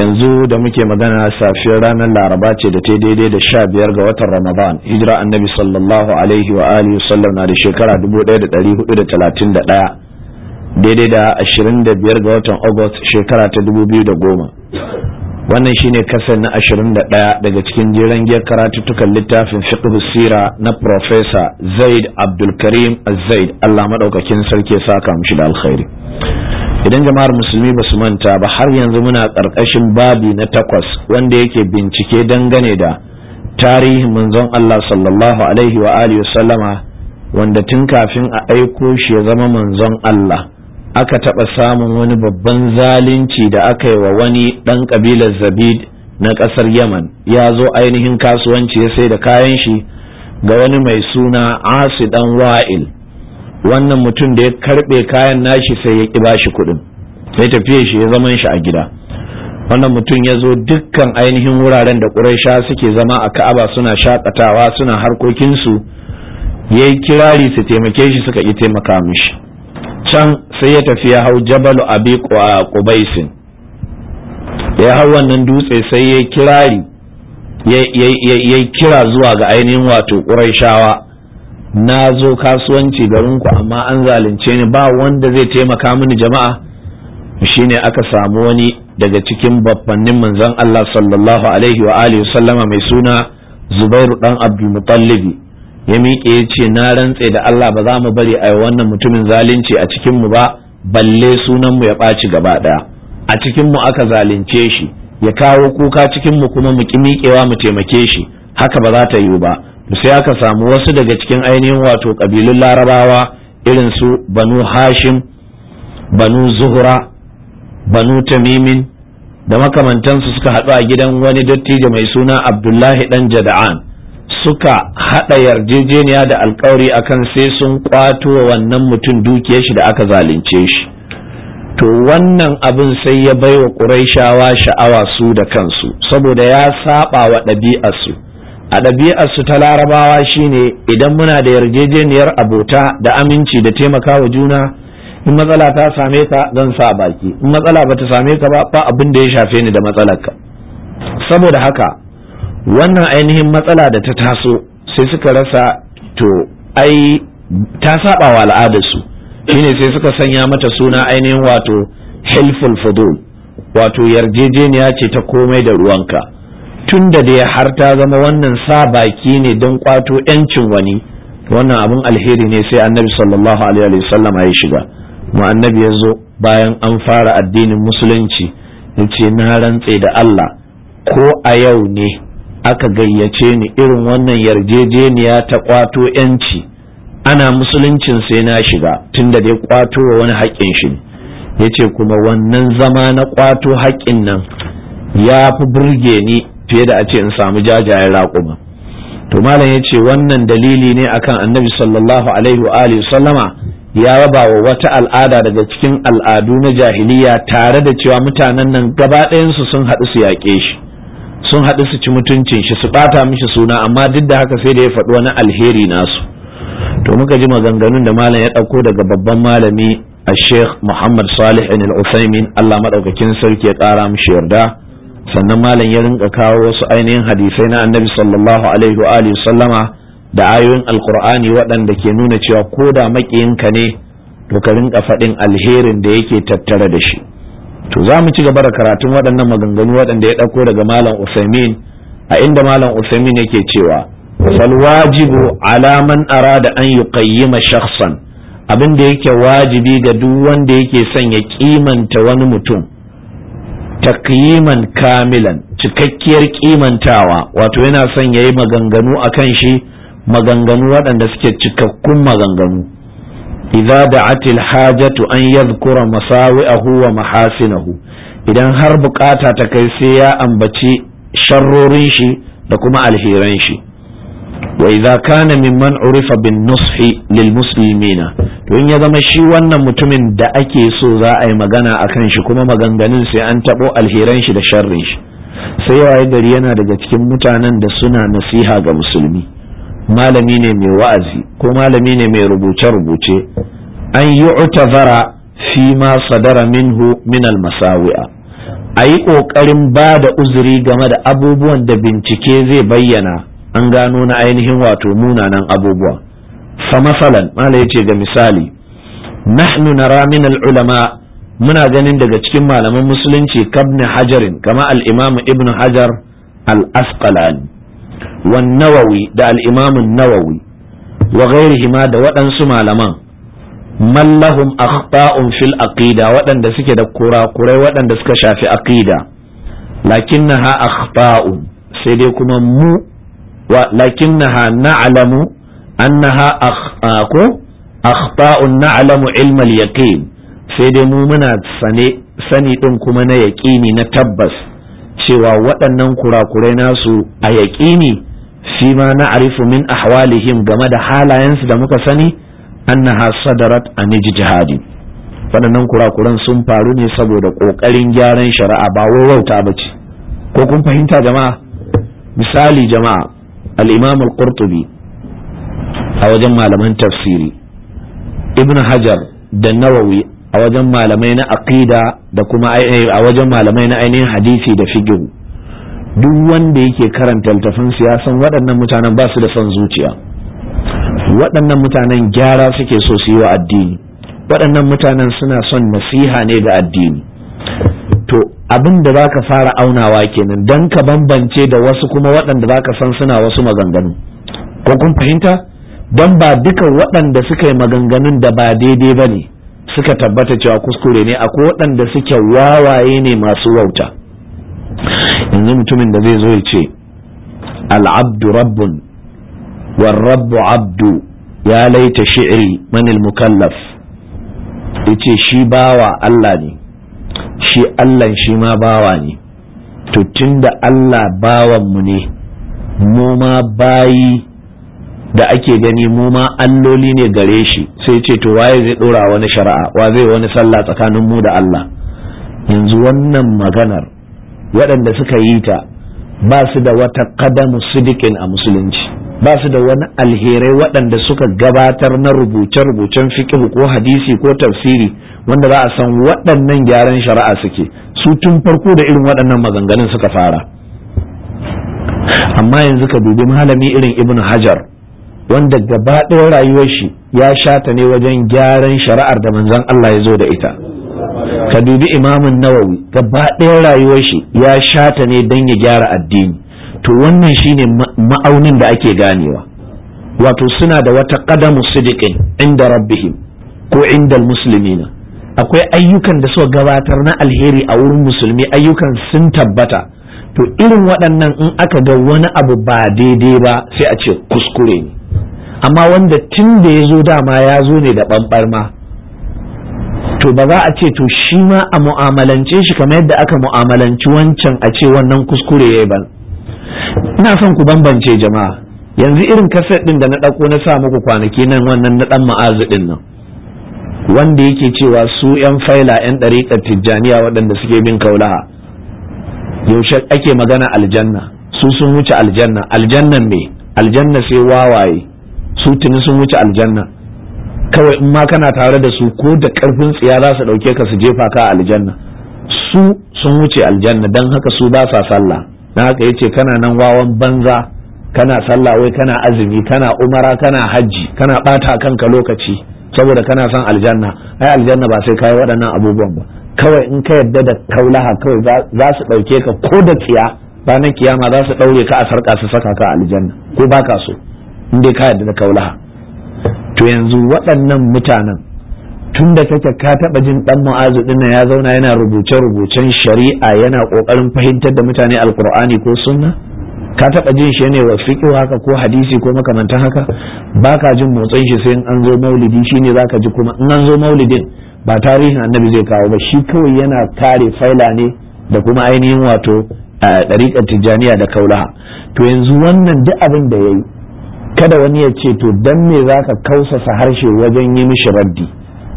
yanzu da muke magana safiyar ranar laraba ce da ta daidai da sha biyar ga watan ramadan hijira annabi sallallahu alaihi wa alihi sallam na da shekara 1431 daidai da 25 ga watan august shekara ta 2010 wannan shine kasar na 21 daga cikin jiran giyar karatuttukan littafin fiqh sira na professor zaid abdulkarim zaid allah madaukakin sarki saka mushi da alkhairi idan jama'ar musulmi ba su manta ba har yanzu muna ƙarƙashin babi na takwas wanda yake bincike dangane da tarihin manzon Allah sallallahu alaihi wa alihi sallama wanda tun kafin a aiko shi ya zama manzon Allah aka taɓa samun wani babban zalunci da aka yi wa wani ɗan ƙabilar zabid na ƙasar yaman ya zo ainihin kasuwanci ya sai da kayan shi ga wani mai suna asi ɗan wa'il wannan mutum da ya karbe kayan nashi sai ya ki bashi kuɗin sai tafiye shi ya zaman shi a gida wannan mutum ya zo dukkan ainihin wuraren da ƙuraisha suke zama a ka'aba suna shakatawa suna harkokinsu ya yi kirari su taimake shi suka yi taimaka mishi can sai ya tafi ya hau jabalu abi ƙubaisin ya hau wannan dutse sai ya kirari kira zuwa ga ainihin wato ƙuraishawa na zo kasuwanci garinku amma an zalunce ni ba wanda zai taimaka mini jama'a shine aka samu wani daga cikin babbannin manzon Allah sallallahu alaihi wa alihi sallama mai suna Zubairu dan Abdul Muttalib ya miƙe ya ce na rantse da Allah ba za mu bari a wannan mutumin zalunci a cikin mu ba balle sunan mu ya ɓaci gaba ɗaya a cikin mu aka zalunce shi ya kawo kuka cikin mu kuma mu ƙi miƙewa mu taimake shi haka ba za ta yiwu ba sai aka samu wasu daga cikin ainihin wato ƙabilun larabawa irin su banu hashim banu zuhura banu tamimin da makamantansu suka haɗu a gidan wani dattijo mai suna abdullahi ɗan jada'an suka haɗa yarjejeniya da alkawari akan sai sun kwato wannan mutum dukiyar shi da aka zalunce shi to wannan abin sai ya baiwa ƙuraishawa sha'awa su da kansu saboda ya saba wa ɗabi'arsu a ɗabi'arsu ta larabawa shine idan muna da yarjejeniyar abota da aminci da taimakawa juna in matsala ta same ka zan sa baki in matsala ba ta same ka ba ba abin da ya shafe ni da ka saboda haka wannan ainihin matsala da ta taso sai suka rasa to ai ta saba wa al'adarsu shine sai suka sanya mata suna ainihin wato helpful fudul wato yarjejeniya ce ta komai da ruwanka tun da dai har ta zama wannan sa baki ne don kwato yancin wani wannan abin alheri ne sai annabi sallallahu alaihi wa sallam ya shiga mu annabi ya zo bayan an fara addinin musulunci ya na rantse da Allah ko a yau ne aka gayyace ni irin wannan yarjejeniya ta kwato yanci ana musuluncin sai na shiga tun da dai kwato wa wani haƙƙin shi ya ce kuma wannan zama na kwato haƙƙin nan ya fi burge ni fiye da a ce in samu jajayen raƙuma to malam ya ce wannan dalili ne akan annabi sallallahu alaihi wa alihi sallama ya raba wa wata al'ada daga cikin al'adu na jahiliya tare da cewa mutanen nan gaba ɗayansu sun haɗu su yaƙe shi sun haɗu su ci mutuncin shi su ɓata mishi suna amma duk da haka sai da ya faɗi wani alheri nasu to muka ji maganganun da malam ya ɗauko daga babban malami a sheikh muhammad salih al-usaimin allah maɗaukakin sarki ya ƙara mishi yarda sannan malam ya rinka kawo wasu ainihin hadisai na annabi sallallahu alaihi wa alihi sallama da ayoyin alqur'ani waɗanda ke nuna cewa ko da ne to ka rinka faɗin alherin da yake tattare da shi to za mu ci gaba da karatun waɗannan maganganu waɗanda ya ɗauko daga malam usaimin a inda malam usaimin yake cewa fal wajibu ala man arada an yuqayyima shakhsan abin da yake wajibi ga duk wanda yake son ya kimanta wani mutum takyiman kamilan cikakkiyar kimantawa wato yana son yayi maganganu akan shi maganganu waɗanda suke cikakkun maganganu idza da'at hajatu an yadhkura masawi'ahu wa mahasinahu idan har bukata ta kai sai ya ambaci sharrorin shi da kuma alheran shi وإذا كان kana mimman urifa bin nushi lil na? to in ya zama shi wannan mutumin da ake so za a yi magana kan shi kuma maganganun sai an tabo alheran shi da sharrin shi sai waye gari yana daga cikin mutanen da suna nasiha ga musulmi malami ne mai wa'azi ko malami ne mai rubuce rubuce an yi utazara fi ma sadara minhu min al masawi'a a yi ƙoƙarin ba da uzuri game da abubuwan da bincike zai bayyana an gano na ainihin wato munanan abubuwa fa masalan mala yace ga misali nahnu nara min al ulama muna ganin daga cikin malaman musulunci kabni hajarin kama al imam ibn hajar al asqalani wan nawawi da al nawawi wa ghairihima da waɗansu malaman mallahum akhta'un fil aqida waɗanda suke da kurakurai waɗanda suka shafi aqida lakinnaha akhta'un sai dai kuma mu ولكنها نعلم أنها أخطاء أخطاء نعلم علم اليقين sai dai mu muna sane sani ɗin kuma na yaƙini na tabbas cewa waɗannan kurakurai nasu a yaƙini fi ma na arifu min ahwalihim game da halayensu da muka sani an annaha sadarat a niji jihadi waɗannan kurakuran sun faru ne saboda ƙoƙarin gyaran shari'a ba wauta ba ce ko kun fahimta jama'a misali jama'a al-imam al-qurtubi a wajen malaman tafsiri ibn hajar da nawawi a wajen malamai na aqida da kuma a wajen malamai na ainihin hadisi da fiqh duk wanda yake karanta littafin siyasan waɗannan mutanen ba su da son zuciya waɗannan mutanen gyara suke so su yi wa addini waɗannan mutanen suna son nasiha ne ga addini to abin da zaka fara aunawa kenan dan ka bambance da wasu kuma waɗanda zaka san suna wasu maganganu ko kun fahimta dan ba duka waɗanda suka yi maganganun da ba daidai ba ne suka tabbata cewa kuskure ne akwai waɗanda suke wawaye ne masu wauta yanzu mutumin da zai zo ya ce al'abdu rabbun Rabbu abdu ya laita shi'ri manil mukallaf ya ce shi bawa Allah ne shi Allah shi ma bawa ne to tunda Allah bawanmu ne mu ma bayi da ake gani mu ma alloli ne gare shi sai ce to waye zai dora wani shari'a wa zai wani sallah tsakanin mu da Allah yanzu wannan maganar waɗanda suka yi ta ba su da wata kadamu sidikin a musulunci ba su da wani alherai waɗanda suka gabatar na rubuce-rubucen fiƙi ko hadisi ko tafsiri wanda za a san waɗannan gyaran shari'a suke su tun farko da irin waɗannan maganganun suka fara amma yanzu ka dubi malami irin ibn hajar wanda gaba ɗaya rayuwar shi ya shata ne wajen gyaran shari'ar da manzon Allah ya zo da ita ka dubi imamin nawawi gaba ɗaya rayuwar shi ya shata ne don ya gyara addini to wannan shine ma'aunin da ake ganewa wato suna da wata qadamu sidiqin inda rabbihim ko inda muslimina akwai ayyukan da suka gabatar na alheri a wurin musulmi ayyukan sun tabbata to irin waɗannan in aka ga wani abu ba daidai ba sai a ce kuskure ne amma wanda tun da ya zo dama ya zo ne da ɓanɓarma to ba za a ce to shi ma a mu'amalance shi kamar yadda aka mu'amalanci wancan a ce wannan kuskure ya yi ba ina son ku bambance jama'a yanzu irin kaset din da na ɗauko na sa muku kwanaki nan wannan na ɗan ma'azu din nan wanda yake cewa su 'yan faila 'yan ɗariƙar tijjaniya waɗanda suke bin kaulaha yaushe ake magana aljanna su sun wuce aljanna aljanna me aljanna sai wawaye su tuni sun wuce aljanna kawai in ma kana tare da su ko da karfin tsiya za su ɗauke ka su jefa ka aljanna su sun wuce aljanna don haka su ba sa sallah na haka yace kana nan wawan banza kana sallah wai kana azumi kana umara kana hajji kana bata kanka lokaci saboda kana son aljanna ai aljanna ba sai kai waɗannan abubuwan ba kawai in ka yadda da kaulaha kawai za su ɗauke ka ko da tsiya ranar kiyama za su ɗaure ka a sarƙa su saka ka aljanna ko baka so in dai ka yadda da kaulaha to yanzu waɗannan mutanen tun da kake ka taba jin ɗan mu'azu din ya zauna yana rubuce rubucen shari'a yana kokarin fahimtar da mutane alqur'ani ko sunna ka taba jin shi ne wa fiqh haka ko hadisi ko makamantan haka baka jin motsin shi sai in an zo maulidi shine zaka ji kuma in an zo maulidin ba tarihin annabi zai kawo ba shi kawai yana kare faila ne da kuma ainihin wato ɗariƙar tijjaniya da kaulaha to yanzu wannan duk abin da ya yi kada wani ya ce to dan me za ka kausasa harshe wajen yi mishi raddi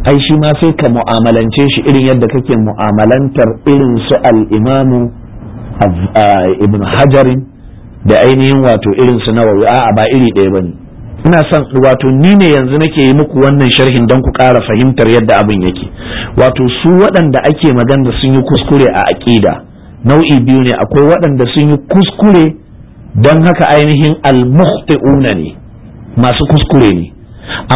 ai shi ma sai ka mu'amalance shi irin yadda kake mu'amalantar irin su al ibn hajarin da ainihin wato irin su nawawi a'a ba iri ɗaya ba bane ina son wato ni ne yanzu nake yi muku wannan sharhin don ku ƙara fahimtar yadda abin yake wato su waɗanda ake magana sun yi kuskure a aƙida nau'i biyu ne akwai waɗanda sun yi kuskure don haka ainihin al-mukhti'una ne masu kuskure ne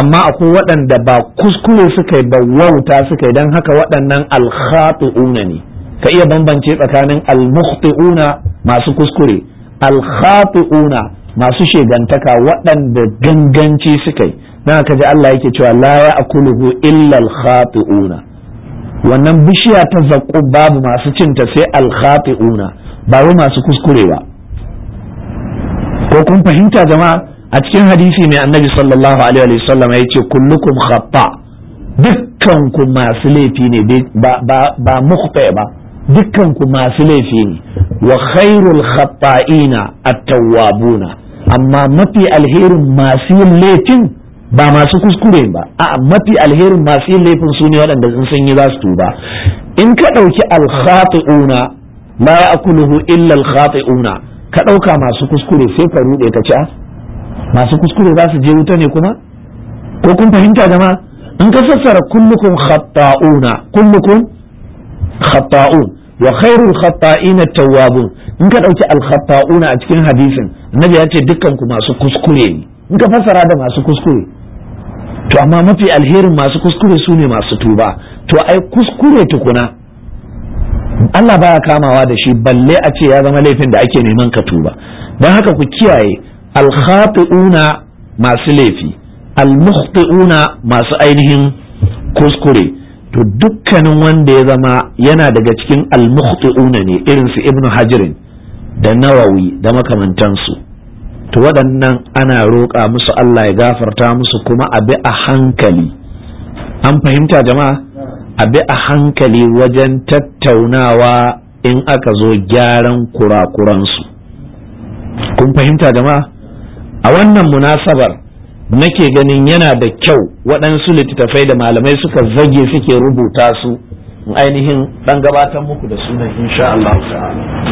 amma akwai waɗanda ba kuskure suka yi ba wauta suka yi don haka waɗannan alkhati'una ne ka iya bambance tsakanin almukhti'una masu kuskure alkhati'una masu shegantaka waɗanda ganganci suka yi na ka ji Allah yake cewa la akuluhu illa alkhati'una wannan bishiya ta zaƙo babu masu cinta sai alkhati'una ba wai masu kuskure ba ko kun fahimta jama'a a cikin hadisi mai annabi sallallahu alaihi wa sallam ya ce kullukum khata dukkan ku masu laifi ne ba mukhta ba dukkan ku masu laifi ne wa khairul khata'ina at-tawwabuna amma mafi alherin masu yin laifin ba masu kuskure ba a mafi alherin masu yin laifin su ne waɗanda sun sun yi za su tuba in ka ɗauki alkhati'una la ya'kuluhu illa alkhati'una ka ɗauka masu kuskure sai ka ruɗe ka ci masu kuskure za su je wuta ne kuma ko kun fahimta jama'a in ka sassara kullukum khata'una kullukum khata'un wa khairul khatta'in at-tawwabun in ka dauki al khatauna a cikin hadisin annabi ya ce dukkan ku masu kuskure ne in ka fassara da masu kuskure to amma mafi alherin masu kuskure su ne masu tuba to ai kuskure tukuna Allah baya kamawa da shi balle a ce ya zama laifin da ake neman ka tuba don haka ku kiyaye alkhati'una masu laifi almukhti'una masu ainihin kuskure to dukkanin wanda ya zama yana daga cikin almukhti'una ne irin su ibnu hajirin da nawawi da makamantansu to waɗannan ana roƙa musu Allah ya gafarta musu kuma a bi a hankali an fahimta jama'a a bi a hankali wajen tattaunawa in aka zo gyaran kurakuransu kun fahimta jama'a a wannan munasabar nake ganin yana da kyau waɗansu littattafai da malamai suka zage suke rubuta su ainihin ɗan gabatar muku da sunan insha Allah ta'ala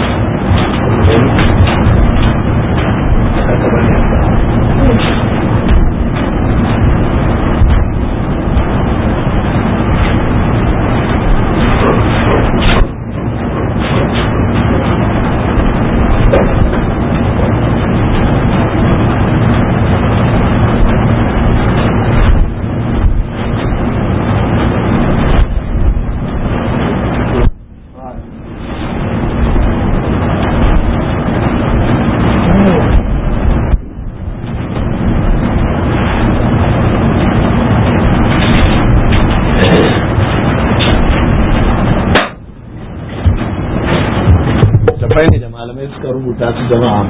suka rubuta su jama'a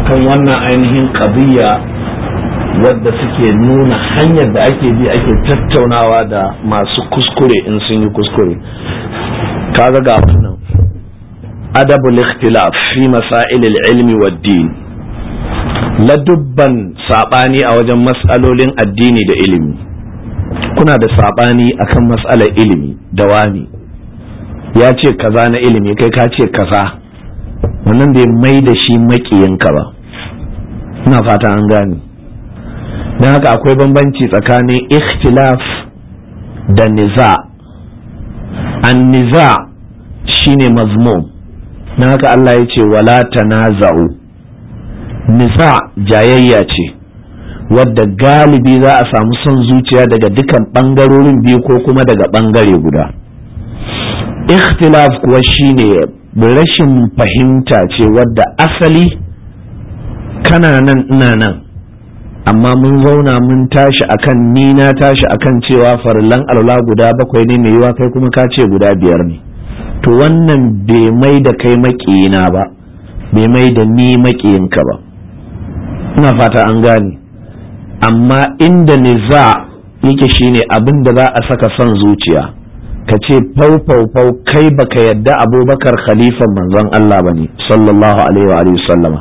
akan wannan ainihin kabiya wadda suke nuna hanyar da ake bi ake tattaunawa da masu kuskure in sun yi kuskure kaga ga wannan adabul ikhtilaf fi masailil ilmi waddin La ladubban sabani a wajen mas'alolin addini da ilimi kuna da sabani akan mas'alar ilimi da wani ya ce kaza na ilimi kai ka ce kaza wannan bai mai da shi maƙiyinka ba ina fata an gane don haka akwai bambanci tsakanin ikhtilaf da niza an niza shine mazmum don haka Allah ya ce wala tanaza'u niza jayayya ce wadda galibi za a samu son zuciya daga dukan bangarorin biyu ko kuma daga bangare guda ikhtilaf kuwa shine rashin fahimta ce wadda asali kana nan ina nan amma mun zauna mun tashi akan ni na tashi akan cewa farlan alwala guda bakwai ne mai yiwa kai kuma ka ce guda biyar ne to wannan bai mai da kai maƙina ba bai mai da ni maƙiyinka ba ina fata an gane amma inda niza yake shine abin da za a saka son zuciya ka ce fau fau fau kai ba ka yadda abubakar khalifan manzon Allah ne sallallahu alaihi wa alihi sallama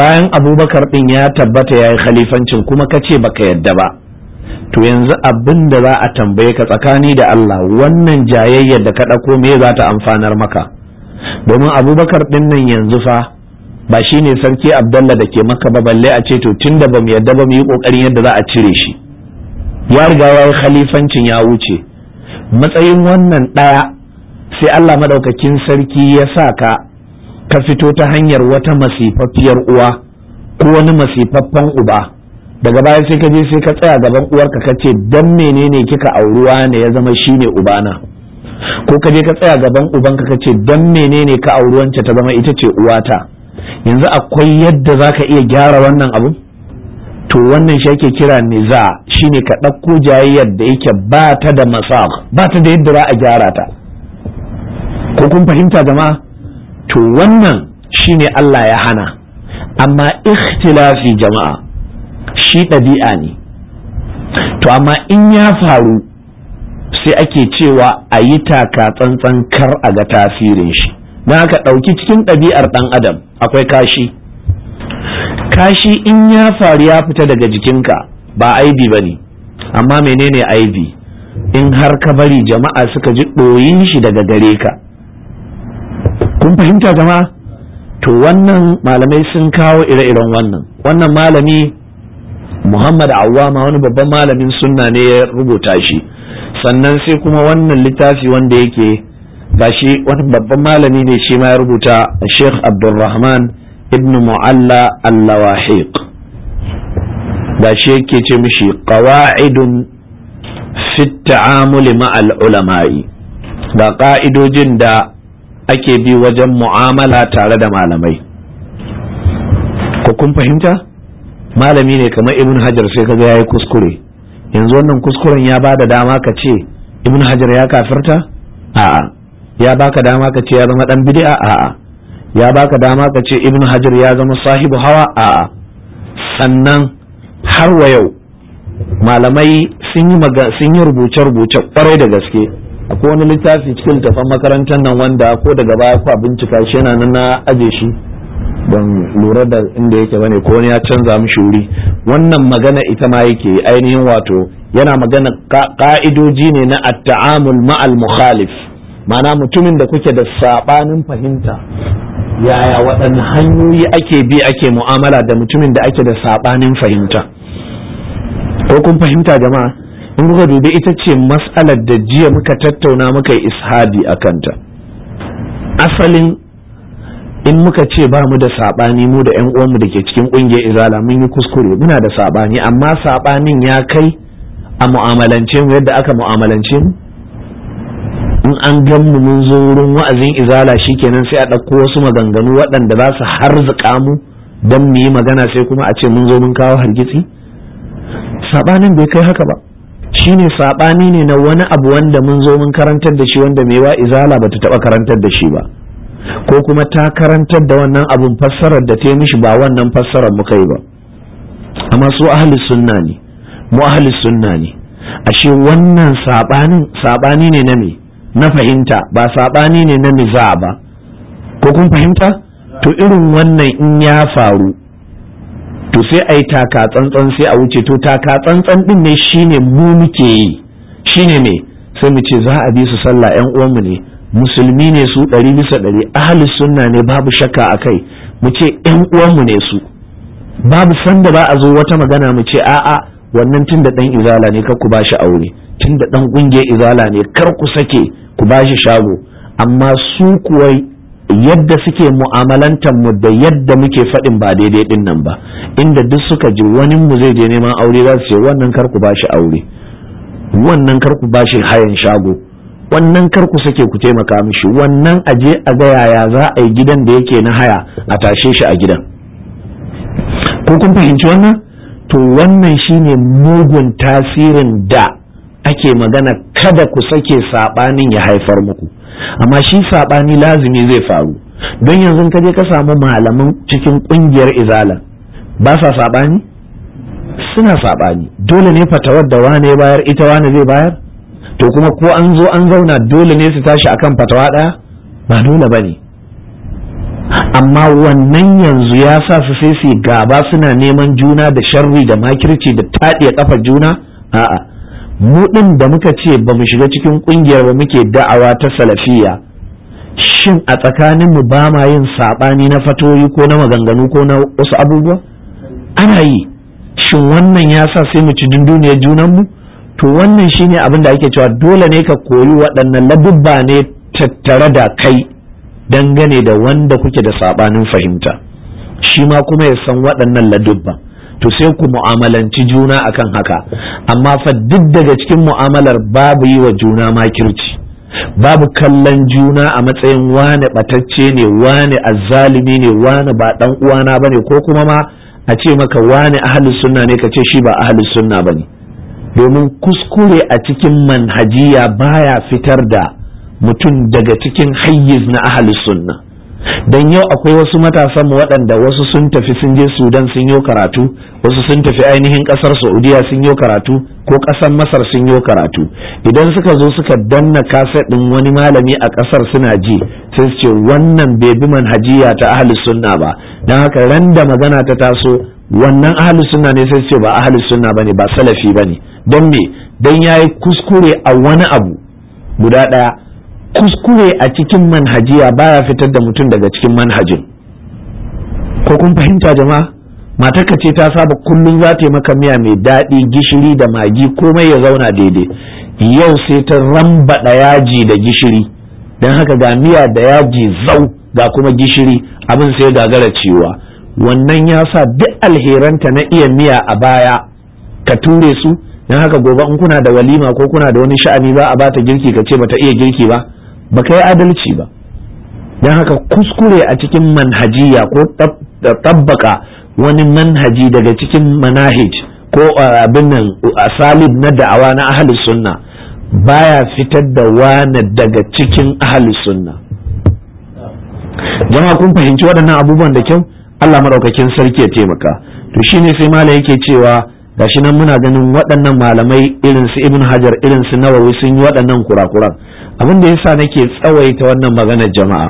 bayan abubakar ɗin ya tabbata ya yi khalifancin kuma ka ce ba ka yadda ba to yanzu abin da za a tambaye ka tsakani da Allah wannan jayayyar da ka ɗauko me za ta amfanar maka domin abubakar din nan yanzu fa ba shi ne sarki abdallah da ke maka ba balle a ce to tun da ba mu yadda ba mu yi ƙoƙarin yadda za a cire shi ya riga ya yi khalifancin ya wuce matsayin wannan ɗaya sai Allah madaukakin sarki ya sa ka ka fito ta hanyar wata masifaffiyar uwa ko wani masifaffen uba daga baya sai ka je sai ka tsaya gaban uwarka ka ce dan menene kika auruwa ne ya zama shine ubana ko ka je ka tsaya gaban ubanka ka ce dan menene ka auruwanta ta zama ita ce uwata yanzu akwai yadda zaka iya gyara wannan abu to wannan shi ake kira niza shine ka ɗauko jayayyar da yake ba ta da masaq ba ta da yadda za a gyara ta ko kun fahimta jama'a to wannan shine Allah ya hana amma ikhtilafi jama'a shi ɗabi'a ne to amma in ya faru sai ake cewa a yi taka tsantsan kar a ga tasirin shi don haka ɗauki cikin ɗabi'ar ɗan adam akwai kashi kashi in ya faru ya fita daga jikinka ba aibi ba ne amma menene aibi in har ka bari jama'a suka ji ɗoyin shi daga gare ka kun fahimta jama'a to wannan malamai sun kawo ire-iren wannan wannan malami muhammad awwama wani babban malamin sunna ne ya rubuta shi sannan sai kuma wannan littafi wanda yake ba shi wani babban malami ne shi ma ya rubuta sheikh abdulrahman ibn mu'alla al-lawahiq ba shi yake ce mishi qawa'idun fi ta'amuli ma'al ka'idojin da ake bi wajen mu'amala tare da malamai ko kun fahimta malami ne kamar ibn hajar sai kaga yayi kuskure yanzu wannan kuskuren ya bada dama ka ce ibn hajar ya kafirta a'a ya baka dama ka ce ya zama dan bid'a a'a ya baka dama ka ce ibn hajar ya zama sahibu hawa a'a sannan har wa yau malamai sun yi rubuce-rubuce kwarai da gaske akwai wani littafi cikin tafan makarantar nan wanda ko daga baya ko bincika shi yana nan na aje shi don lura da inda yake bane ko ya canza mishi wuri wannan magana ita ma yake ainihin wato yana magana ka'idoji ne na at-ta'amul ma'al mukhalif ma'ana mutumin da kuke da sabanin fahimta yaya waɗanne hanyoyi ake bi ake mu'amala da mutumin da ake da saɓanin fahimta ko kun fahimta jama'a in kuka dubi ita ce matsalar da jiya muka tattauna muka yi ishadi a kanta asalin in muka ce ba mu da saɓani mu da 'yan uwanmu da ke cikin ƙungiyar izala mun yi kuskure muna da saɓani amma saɓanin ya kai a mu'amalance mu yadda aka mu'amalance mu in an gan mu mun zo wurin wa'azin izala shi kenan sai a ɗauko wasu maganganu waɗanda za su harzuka mu don mu yi magana sai kuma a ce mun zo mun kawo hargitsi saɓanin bai kai haka ba Shi ne saɓani ne na wani abu wanda mun zo mun karantar da shi wanda mai wa izala ba ta taɓa karantar da shi ba ko kuma ta karantar da wannan abun fassarar da ta yi mishi ba wannan fassarar muka yi ba amma su ahli sunna ne mu ahli sunna ne ashe wannan saɓani ne na me na fahimta ba saɓani ne na niza ba ko kun fahimta to irin wannan in ya faru to sai a yi taka tsantsan sai a wuce to taka tsantsan din ne shine mu muke yi shine ne sai mu ce za a bi su sallah yan uwanmu ne musulmi ne su ɗari bisa ɗari ahli sunna ne babu shakka a kai mu ce yan uwanmu ne su babu sanda ba a zo wata magana mu ce a'a wannan tun da ɗan izala ne ku ba shi aure tun da ɗan ƙungiyar izala ne kar ku sake ku ba shi shago amma su kuwa yadda suke mu'amalantar da yadda muke faɗin ba daidai ɗin nan ba inda duk suka ji wani mu zai je neman aure za su ce wannan kar ku ba shi aure wannan kar ku ba shi hayan shago wannan kar ku sake ku taimaka mishi wannan aje a ga yaya za a yi gidan da yake na haya a tashe shi a gidan ko kun fahimci wannan to wannan shine mugun tasirin da ake magana kada ku sake saɓanin ya haifar muku amma shi saɓani lazumi zai faru don yanzu ka je ka samu malaman cikin ƙungiyar izala ba sa saɓani suna saɓani dole ne fatawar da wane bayar ita wane zai bayar to kuma ko an zo an zauna dole ne su tashi akan fatawa ɗaya ba dole ba ne amma wannan yanzu ya sa su sai su gaba suna neman juna da sharri da makirci da taɗe kafar juna a'a mu ɗin da muka ce ba mu shiga cikin ƙungiyar ba muke da'awa ta salafiya shin a tsakanin mu ba ma yin saɓani na fatoyi ko na maganganu ko na wasu abubuwa ana yi shin wannan ya sa sai mu ci dunduniyar mu to wannan shine abin da ake cewa dole ne ka koyi waɗannan labubba ne tattare da kai dangane da wanda kuke da saɓanin fahimta shi ma kuma ya san waɗannan ladubban to sai ku mu'amalanci juna akan haka amma fa duk daga cikin mu'amalar babu yi wa juna makirci babu kallon juna a matsayin wane batacce ne wane azzalimi ne wane ba dan uwana bane ko kuma ma a ce maka wane ahlus sunna ne kace shi ba ahlus sunna bane domin kuskure a cikin manhajiya baya fitar da mutum daga cikin hayyiz na ahlus sunna don yau akwai wasu matasan mu waɗanda wasu sun tafi sun je sudan sun yi karatu wasu sun tafi ainihin ƙasar saudiya sun yi karatu ko ƙasar masar sun yi karatu idan suka zo suka danna kaset ɗin wani malami a ƙasar suna ji sai su ce wannan bai bi manhajiya ta ahli sunna ba don haka ran da magana ta taso wannan ahli sunna ne sai su ce ba ahli sunna bane ba salafi bane don me don yayi kuskure a wani abu guda ɗaya kuskure a cikin manhajiya baya fitar da mutum daga cikin manhajin ko kun fahimta jama'a matarka ce ta saba kullum za ta yi maka miya mai daɗi gishiri da magi komai ya zauna daidai yau sai ta rambaɗa yaji da gishiri don haka ga miya da yaji zau ga kuma gishiri abin sai gagara cewa wannan ya sa duk alheranta na iya miya a baya ka ture su don haka gobe in kuna da walima ko kuna da wani sha'ani ba a bata girki ka ce bata iya girki ba ba ka yi adalci ba don haka kuskure a cikin manhajiya ko tabbaka wani manhaji daga cikin manahij ko abin nan asalib na da'awa na ahli sunna baya fitar da wani daga cikin ahli sunna jama'a kun fahimci waɗannan abubuwan da kyau Allah maɗaukakin sarki ya taimaka to shine sai Malam yake cewa gashi nan muna ganin waɗannan malamai irin su ibn hajar irin su nawawi sun yi waɗannan kurakuran abin da ya sa nake tsawaita wannan maganar jama'a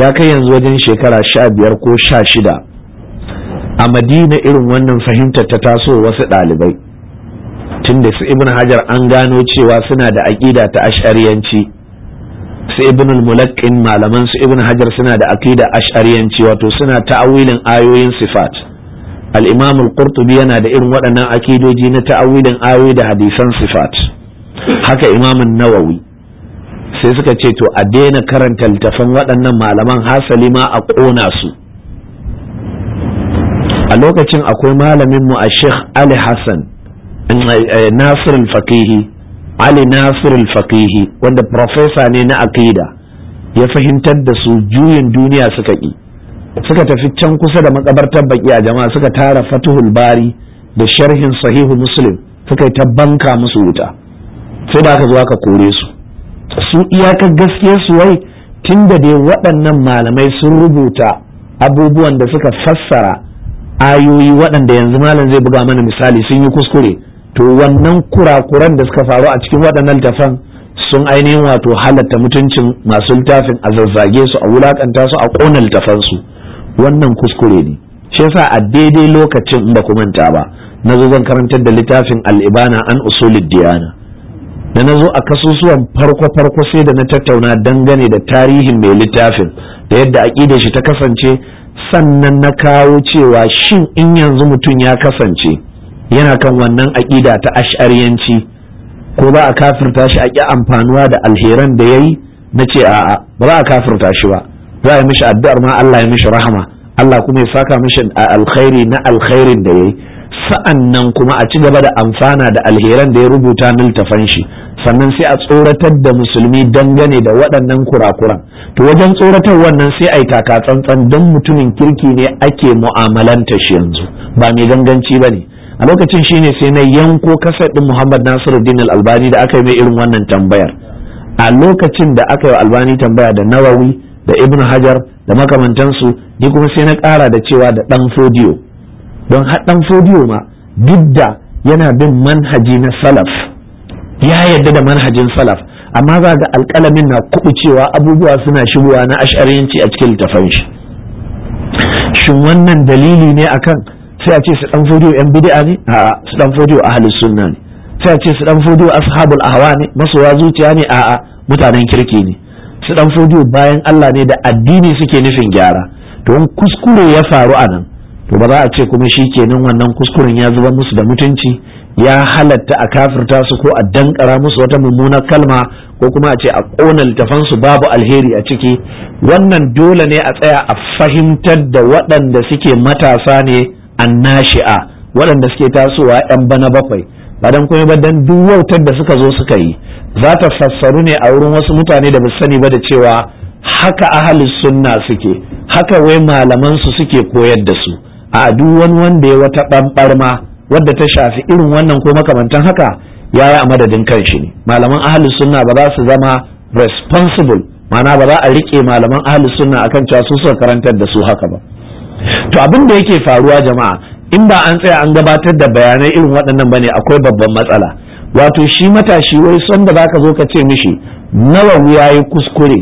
ya kai yanzu wajen shekara sha biyar ko sha shida a madina irin wannan fahimtar ta taso wasu ɗalibai tun da su ibn hajar an gano cewa suna da aƙida ta ash'ariyanci su ibn Mul'akin malaman su ibn hajar suna da aƙida ash'ariyanci wato suna ta'awilin ayoyin sifat al-imam al yana da irin waɗannan aƙidoji na ta'awilin ayoyi da hadisan sifat haka imam an-nawawi sai suka ce to a daina karanta littafan waɗannan malaman hasali ma a ƙona su a lokacin akwai malamin mu a sheikh ali hassan eh, eh, nasir al ali nasir al wanda profesa ne na aqida ya fahimtar da su juyin duniya suka ƙi suka tafi can kusa da makabartar baki a jama'a suka tara fatuhul bari da sharhin sahihu muslim suka yi ta banka musu wuta sai da aka zo aka kore su su iyakar gaskiyar su wai tunda dai waɗannan malamai sun rubuta abubuwan da suka fassara ayoyi waɗanda yanzu malam zai buga mana misali sun yi kuskure to wannan kurakuran da suka faru a cikin waɗannan tafan sun ainihin wato halatta mutuncin masu littafin a zazzage su a wulakanta su a ƙona su wannan kuskure ne shi yasa a daidai lokacin da ku manta ba na zo zan karantar da littafin al'ibana an usulid diyana da na zo a kasusuwan farko-farko sai da na tattauna dangane da tarihin mai littafin da yadda aƙidar shi ta kasance sannan na kawo cewa shin in yanzu mutum ya kasance yana kan wannan aƙida ta ash'ariyanci ko ba a kafirta shi a ƙi amfanuwa da alheran da ya yi na ce a'a ba za a kafirta shi ba za a yi mishi addu'ar ma Allah ya mishi rahama Allah kuma ya saka mishi alkhairi na alkhairin da ya yi sa'an nan kuma a ci gaba da amfana da alheran da ya rubuta na littafan shi sannan sai a tsoratar da musulmi dangane da waɗannan kurakuran to wajen tsoratar wannan sai a yi takatsantsan tsantsan don mutumin kirki ne ake mu'amalanta shi yanzu ba mai ganganci ba ne a lokacin shine sai na yanko kasar ɗin muhammad Nasiru nasiruddin albani da aka yi mai irin wannan tambayar a lokacin da aka yi albani tambaya da nawawi da ibn hajar da makamantansu ni kuma sai na ƙara da cewa da ɗan fodiyo don haɗan fodiyo ma duk da yana bin manhaji na salaf ya yadda da manhajin salaf amma za ga alƙalamin na kuɓucewa abubuwa suna shigowa na ashariyanci a cikin littafan shi shin wannan dalili ne akan sai a ce su dan fodiyo yan bid'a ne a su dan fodiyo ahlus sunna ne sai a ce su dan fodiyo ashabul ahwa ne masoya zuciya ne a mutanen kirki ne su dan fodiyo bayan Allah ne da addini suke nufin gyara to kuskure ya faru anan? to ba za a ce kuma shi kenan wannan kuskuren ya zuba musu da mutunci ya halatta a kafirta su ko a dankara musu wata mummunar kalma ko kuma a ce a ƙona littafansu babu alheri a ciki wannan dole ne a tsaya a fahimtar da waɗanda suke matasa ne a nashi'a waɗanda suke tasowa 'yan bana bakwai ba don kuma ba don duk wautar da suka zo suka yi za ta fassaru ne a wurin wasu mutane da ba sani ba da cewa haka ahalin sunna suke haka wai malaman su suke koyar da su a duk wani wanda ya wata ɓanɓarma wadda ta shafi irin wannan ko makamantan haka ya yi a madadin kan shi ne malaman ahli sunna ba za su zama responsible ma'ana ba za a riƙe malaman ahli sunna akan cewa su suka karantar da su haka ba to abin da yake faruwa jama'a in ba an tsaya an gabatar da bayanai irin waɗannan ba ne akwai babban matsala wato shi matashi wai son da ka zo ka ce mishi ya yayi kuskure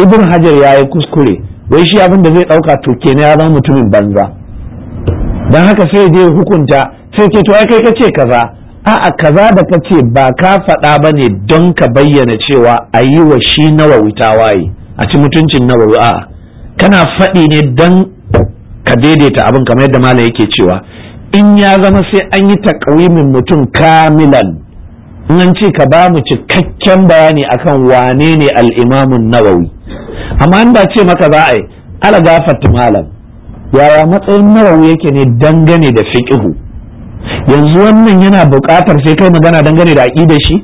ibn hajar yayi kuskure wai shi abin da zai ɗauka to kenan ya zama mutumin banza don haka sai je hukunta sai ce to ai kai kace kaza a'a kaza da kace ba ka faɗa ba ne don ka bayyana cewa a yi wa shi nawa waye a ci mutuncin nawa a kana faɗi ne don ka daidaita abin kamar yadda malam yake cewa in ya zama sai an yi takawimin mutum kamilan in ce ka ba mu cikakken bayani akan wane ne al'imamun nawawi amma an ba ce maka za a yi ala gafarta malam yaya matsayin nawawi yake ne dangane da fiqhu yanzu wannan yana buƙatar sai kai magana dangane da aqidar shi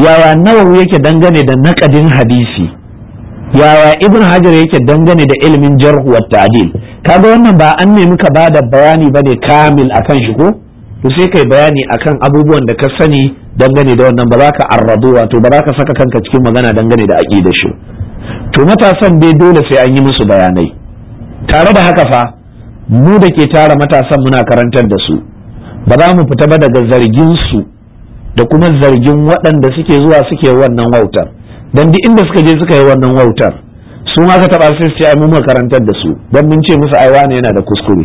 yaya nawawi yake dangane da naqadin hadisi yaya ibn hajar yake dangane da ilimin jarh wa ta'dil kaga wannan ba an nemi ka bada bayani bane kamil akan shi ko to sai kai bayani akan abubuwan da ka sani dangane da wannan ba za ka arradu wato ba za ka saka kanka cikin magana dangane da aqidar shi to matasan dai dole sai an yi musu bayanai tare da haka fa mu da ke tara matasan muna karantar da su ba za mu fita ba daga zargin su da kuma zargin waɗanda suke zuwa suke wannan wautar don duk inda suka je suka yi wannan wautar su ma ka taɓa sai su ai mu karantar da su don mun ce musu ai wani yana da kuskure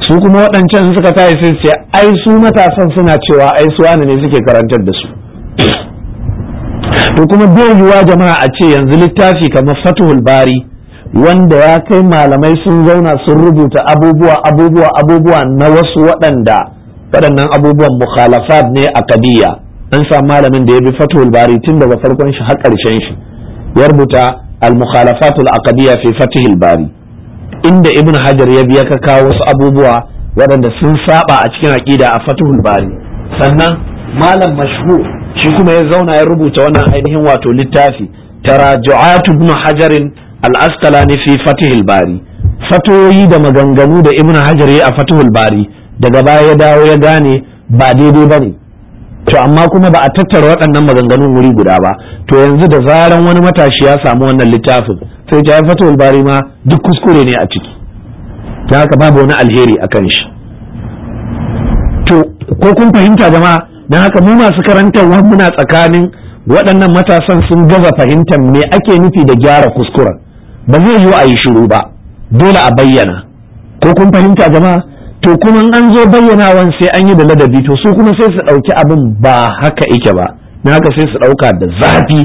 su kuma waɗancan suka tayi sai su ai su matasan suna cewa ai su wani ne suke karantar da su to kuma bai yiwa jama'a a ce yanzu littafi kamar fatuhul bari wanda ya kai malamai sun zauna sun rubuta abubuwa abubuwa abubuwa na wasu waɗanda waɗannan abubuwan mukhalafat ne a kadiya an samu malamin da ya bi fatul bari tun daga farkon shi har ƙarshen shi ya rubuta al-mukhalafat al-aqdiyya fi fatihil bari inda ibn hajar ya biya ka kawo wasu abubuwa waɗanda sun saba a cikin aqida a fatihul bari sannan malam mashhur shi kuma ya zauna ya rubuta wannan ainihin wato littafi taraju'at ibn hajarin al-asqalani fi fatihul bari fatoyi da maganganu da ibn hajar a fatihul bari daga baya ya dawo ya gane ba daidai ba ne. to amma kuma ba a tattara waɗannan maganganun wuri guda ba to yanzu da zaran wani matashi ya samu wannan littafin sai ta fatihul bari ma duk kuskure ne a ciki ta haka babu wani alheri a kan shi to ko kun fahimta jama'a don haka mu masu wani muna tsakanin waɗannan matasan sun gaza fahimtar me ake nufi da gyara kuskuren ba zai yiwu a yi shiru ba dole a bayyana ko kun fahimta jama'a to kuma an zo bayyanawan sai an yi da ladabi to su kuma sai su ɗauki abin ba haka ike ba na haka sai su ɗauka da zafi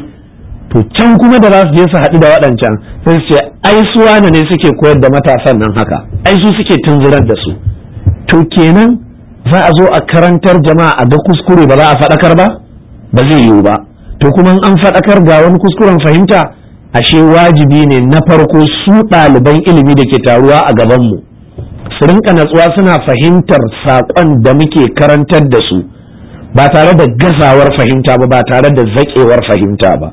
to can kuma da za su je su haɗu da waɗancan sai su ce ai su wane ne suke koyar da matasan nan haka ai su suke tunzurar da su to kenan za a zo a karantar jama'a a ga kuskure ba za a faɗakar ba ba zai yiwu ba to kuma an faɗakar ga wani kuskuren fahimta ashe wajibi ne na farko su ɗaliban ilimi da ke taruwa a gabanmu su rinka natsuwa suna fahimtar saƙon da muke karantar da su ba tare da gasawar fahimta ba ba tare da zaƙewar fahimta ba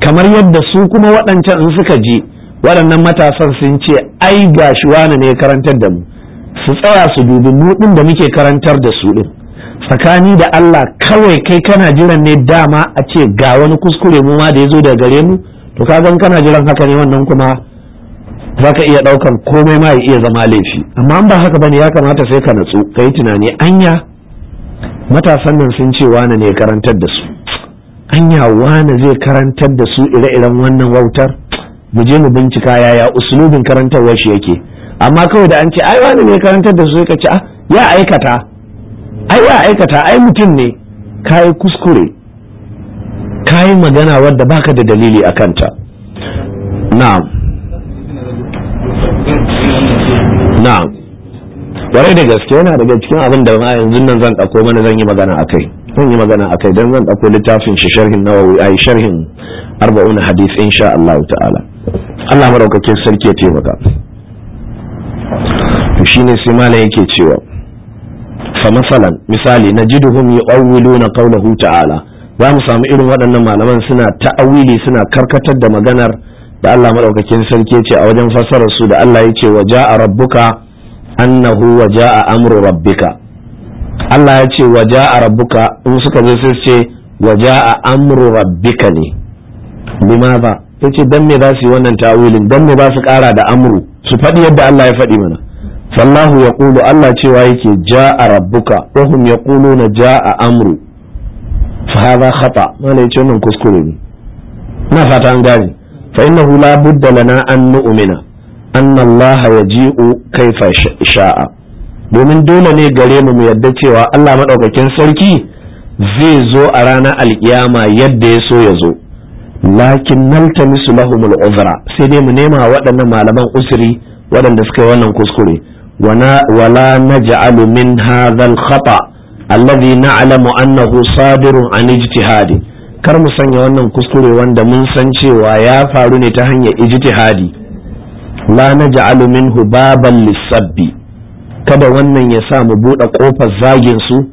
kamar yadda su kuma waɗancan in suka je waɗannan matasan sun ce ai ga shi wani ne karantar da mu su tsaya su dubi mu ɗin da muke karantar da su ɗin tsakani da Allah kawai kai kana jiran ne dama a ce ga wani kuskure mu ma da ya zo daga gare mu to ka gan kana jiran haka ne wannan kuma za ka iya ɗaukan komai ma ya iya zama laifi amma an ba haka bane ya kamata sai ka natsu ka yi tunani anya matasan nan sun ce wane ne karantar da su anya wane zai karantar da su ire-iren wannan wautar mu je mu bincika yaya usulubin karantarwar shi yake amma kawai da an ce ai wane ne karantar da su ka ce ah, ya aikata ai ya aikata ai mutum ne kai kuskure kayi magana wadda baka da dalili a kanta na'am na'am ware da gaske yana daga cikin abin da ma yanzu nan zan ɗauko mana zan yi magana akai zan yi magana akai don zan ɗauko littafin shi sharhin nawawi ai sharhin 40 hadis insha Allah ta'ala Allah maraukakin sarki ya taimaka to shine sai malam yake cewa fa masalan misali najiduhum yu'awwiluna qawlahu ta'ala za mu samu irin waɗannan malaman suna ta'awili suna karkatar da maganar da Allah maɗaukakin sarki ce a wajen fassarar su da Allah ya ce wa ja'a rabbuka annahu wa ja'a amru rabbika Allah ya ce wa ja'a rabbuka in suka zo sai ce wa ja'a amru rabbika ne limaza ce dan me za su yi wannan ta'awilin dan me za su kara da amru su faɗi yadda Allah ya faɗi mana ya yaqulu Allah cewa yake ja'a rabbuka wa hum yaquluna ja'a amru fa hadha khata wala yace wannan kuskure ne ina fata an gane fa innahu la budda lana an nu'mina anna Allah sha'a domin dole ne gare mu mu yadda cewa Allah madaukakin sarki zai zo a ranar alkiyama yadda ya so ya zo lakin naltamisu lahumul uzra sai dai mu nema waɗannan malaman usiri waɗanda suka yi wannan kuskure wala naj'alu min hadha al-khata' allazi na'lamu annahu sadirun an ijtihadi kar mu sanya wannan kuskure wanda mun san cewa ya faru ne ta hanyar ijtihadi la naj'alu minhu baban lisabbi kada wannan ya sa mu buɗe ƙofar zagin su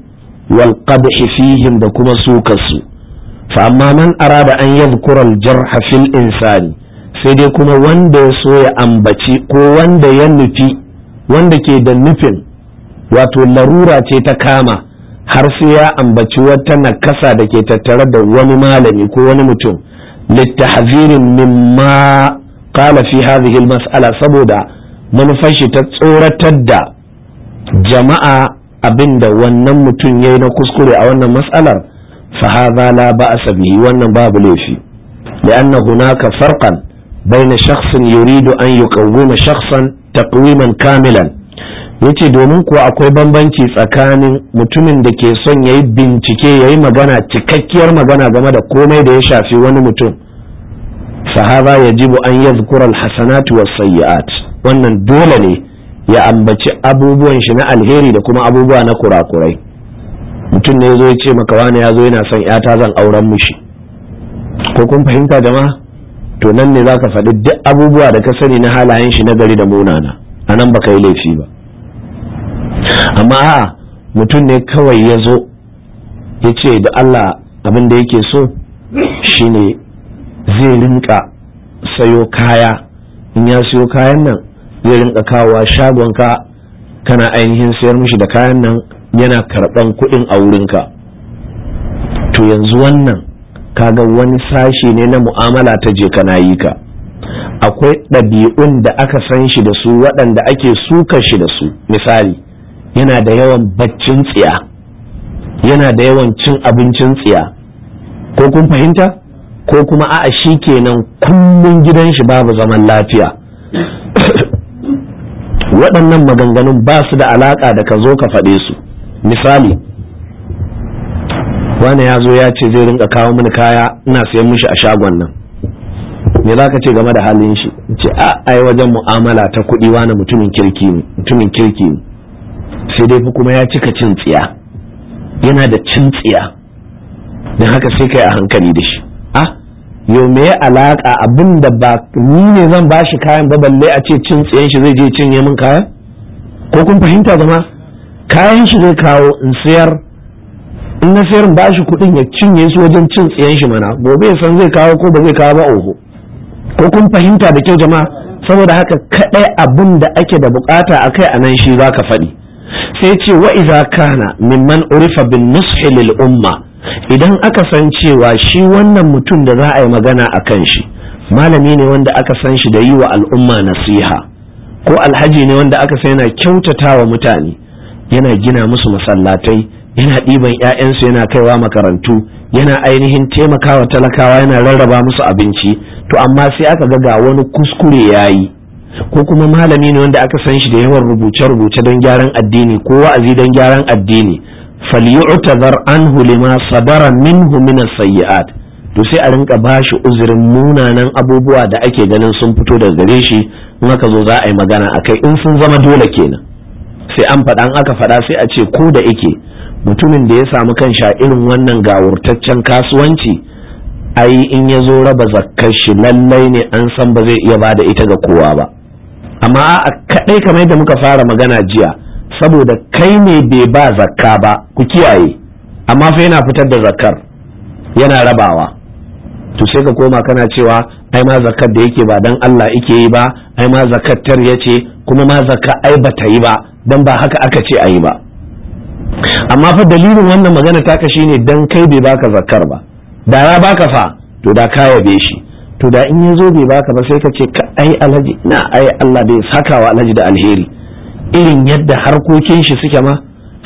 wal qadhi fihim da kuma sukar su fa amma man arada an yadhkura al jarh fil insani sai dai kuma wanda ya so ya ambaci ko wanda ya nufi wanda ke da nufin wato larura ce ta kama har sai ya ambaci wata nakasa da ke tattare da wani malami ko wani mutum littahzirin mimma qala fi hadhihi masala saboda manufar shi ta tsoratar da jama'a abinda wannan mutum yayi na kuskure a wannan mas'alar fa hadha la ba'sa bihi wannan babu laifi li'anna hunaka farqan bayna shakhsin yuridu an yuqawwima shakhsan taqwiman kamilan Yace domin kuwa akwai bambanci tsakanin mutumin da ke son ya yi bincike ya yi magana cikakkiyar magana game da komai da ya shafi wani mutum sahaba ya jibu an ya zukura alhassanatu wa sayyi'at wannan dole ne ya ambaci abubuwan shi na alheri da kuma abubuwa na kurakurai mutum ne ya zo ya ce maka wani ya zo yana son yata zan auren mushi ko kun fahimta jama'a to nan ne za ka faɗi duk abubuwa da ka sani na halayen shi na gari da munana a nan baka yi laifi ba amma a mutum ne kawai ya zo ya ce da Allah abin da yake so shine zai rinka sayo kaya in ya sayo kayan nan zai rinka kawowa shagonka kana ainihin sayar mishi da kayan nan yana karɓan kuɗin a wurinka to yanzu wannan kaga wani sashe ne na mu'amala ta je kana yi ka akwai ɗabi'un da aka san shi da su waɗanda ake suka shi da su misali yana da yawan baccin tsiya yana da yawan cin abincin tsiya ko kun fahimta ko kuma a'a shi kenan kullum gidan shi babu zaman lafiya waɗannan maganganun ba su da alaƙa da ka zo ka faɗe su misali wani ya zo ya ce zai rinka kawo mini kaya ina sayan mishi a shagon nan me za ka ce game da halin shi ce a ai wajen mu'amala ta kuɗi wani mutumin kirki ne sai dai kuma ya cika cin yana da cin tsiya don haka sai kai a hankali da shi ah yau me ya alaka abin da ba ni ne zan ba shi kayan ba balle a ce cin shi zai je cinye min kayan ko kun fahimta zama kayan shi zai kawo in sayar in na sayar ba shi kuɗin ya cinye su wajen cin tsiyan shi mana gobe ya san zai kawo ko ba zai kawo ba oho ko kun fahimta da kyau jama'a saboda haka kaɗai abin da ake da bukata a kai a nan shi za ka faɗi sai ce wa iza kana mimman urifa bin nushi lil umma idan aka san cewa shi wannan mutum da za a yi magana a kan shi malami ne wanda aka san shi da yi wa al'umma nasiha ko alhaji ne wanda aka san yana kyautata wa mutane yana gina musu masallatai yana ɗiban 'ya'yansu yana kaiwa makarantu yana ainihin taimakawa talakawa yana rarraba musu abinci to amma sai aka ga ga wani kuskure yayi. ko kuma malami ne wanda aka san shi da yawan rubuce-rubuce don gyaran addini ko wa'azi don gyaran addini falyu'tazar anhu lima sadara minhu min as-sayyi'at to sai a rinka bashi uzurin munanan abubuwa da ake ganin sun fito daga gare shi in aka zo za a yi magana akai in sun zama dole kenan sai an faɗa aka faɗa sai a ce ko da ike mutumin da ya samu kan sha irin wannan gawurtaccen kasuwanci ai in ya zo raba zakkar shi lallai ne an san ba zai iya bada ita ga kowa ba amma kaɗai kamar yadda muka fara magana jiya saboda kai ne bai ba zakka ba ku kiyaye amma fa yana fitar da zakkar yana rabawa to sai ka koma kana cewa ai ma zakkar da yake ba dan Allah yake yi ba ai ma zakkar tar yace kuma ma zakka ai bata yi ba dan ba haka aka ce ayi ba amma fa dalilin wannan magana taka ne dan kai bai baka zakkar ba da ya baka fa to da ka yabe shi to da in ya zo bai baka ba sai ka ce ka ai alhaji na ai Allah bai saka wa alhaji da alheri irin yadda harkokin shi suke ma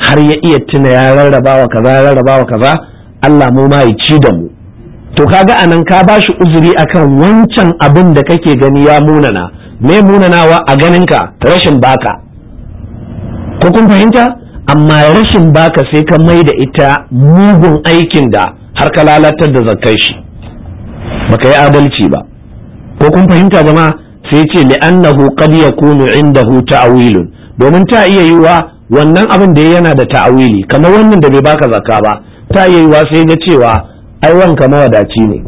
har ya iya tuna ya rarraba wa kaza ya rarraba wa kaza Allah mu ma ya ci da mu to kaga anan ka bashi uzuri akan wancan abin da kake gani ya munana me munanawa a ganin ka rashin baka ko kun fahimta amma rashin baka sai ka mai da ita mugun aikin da har ka lalatar da zakkar shi baka yi adalci ba ko kun fahimta jama'a sai ce annahu qad yakunu indahu ta'wilun domin ta iya yiwa wannan abin da yana da ta'awili kamar wannan da bai baka zakka ba ta iya yiwa sai ga cewa ai wanka mawadaci ne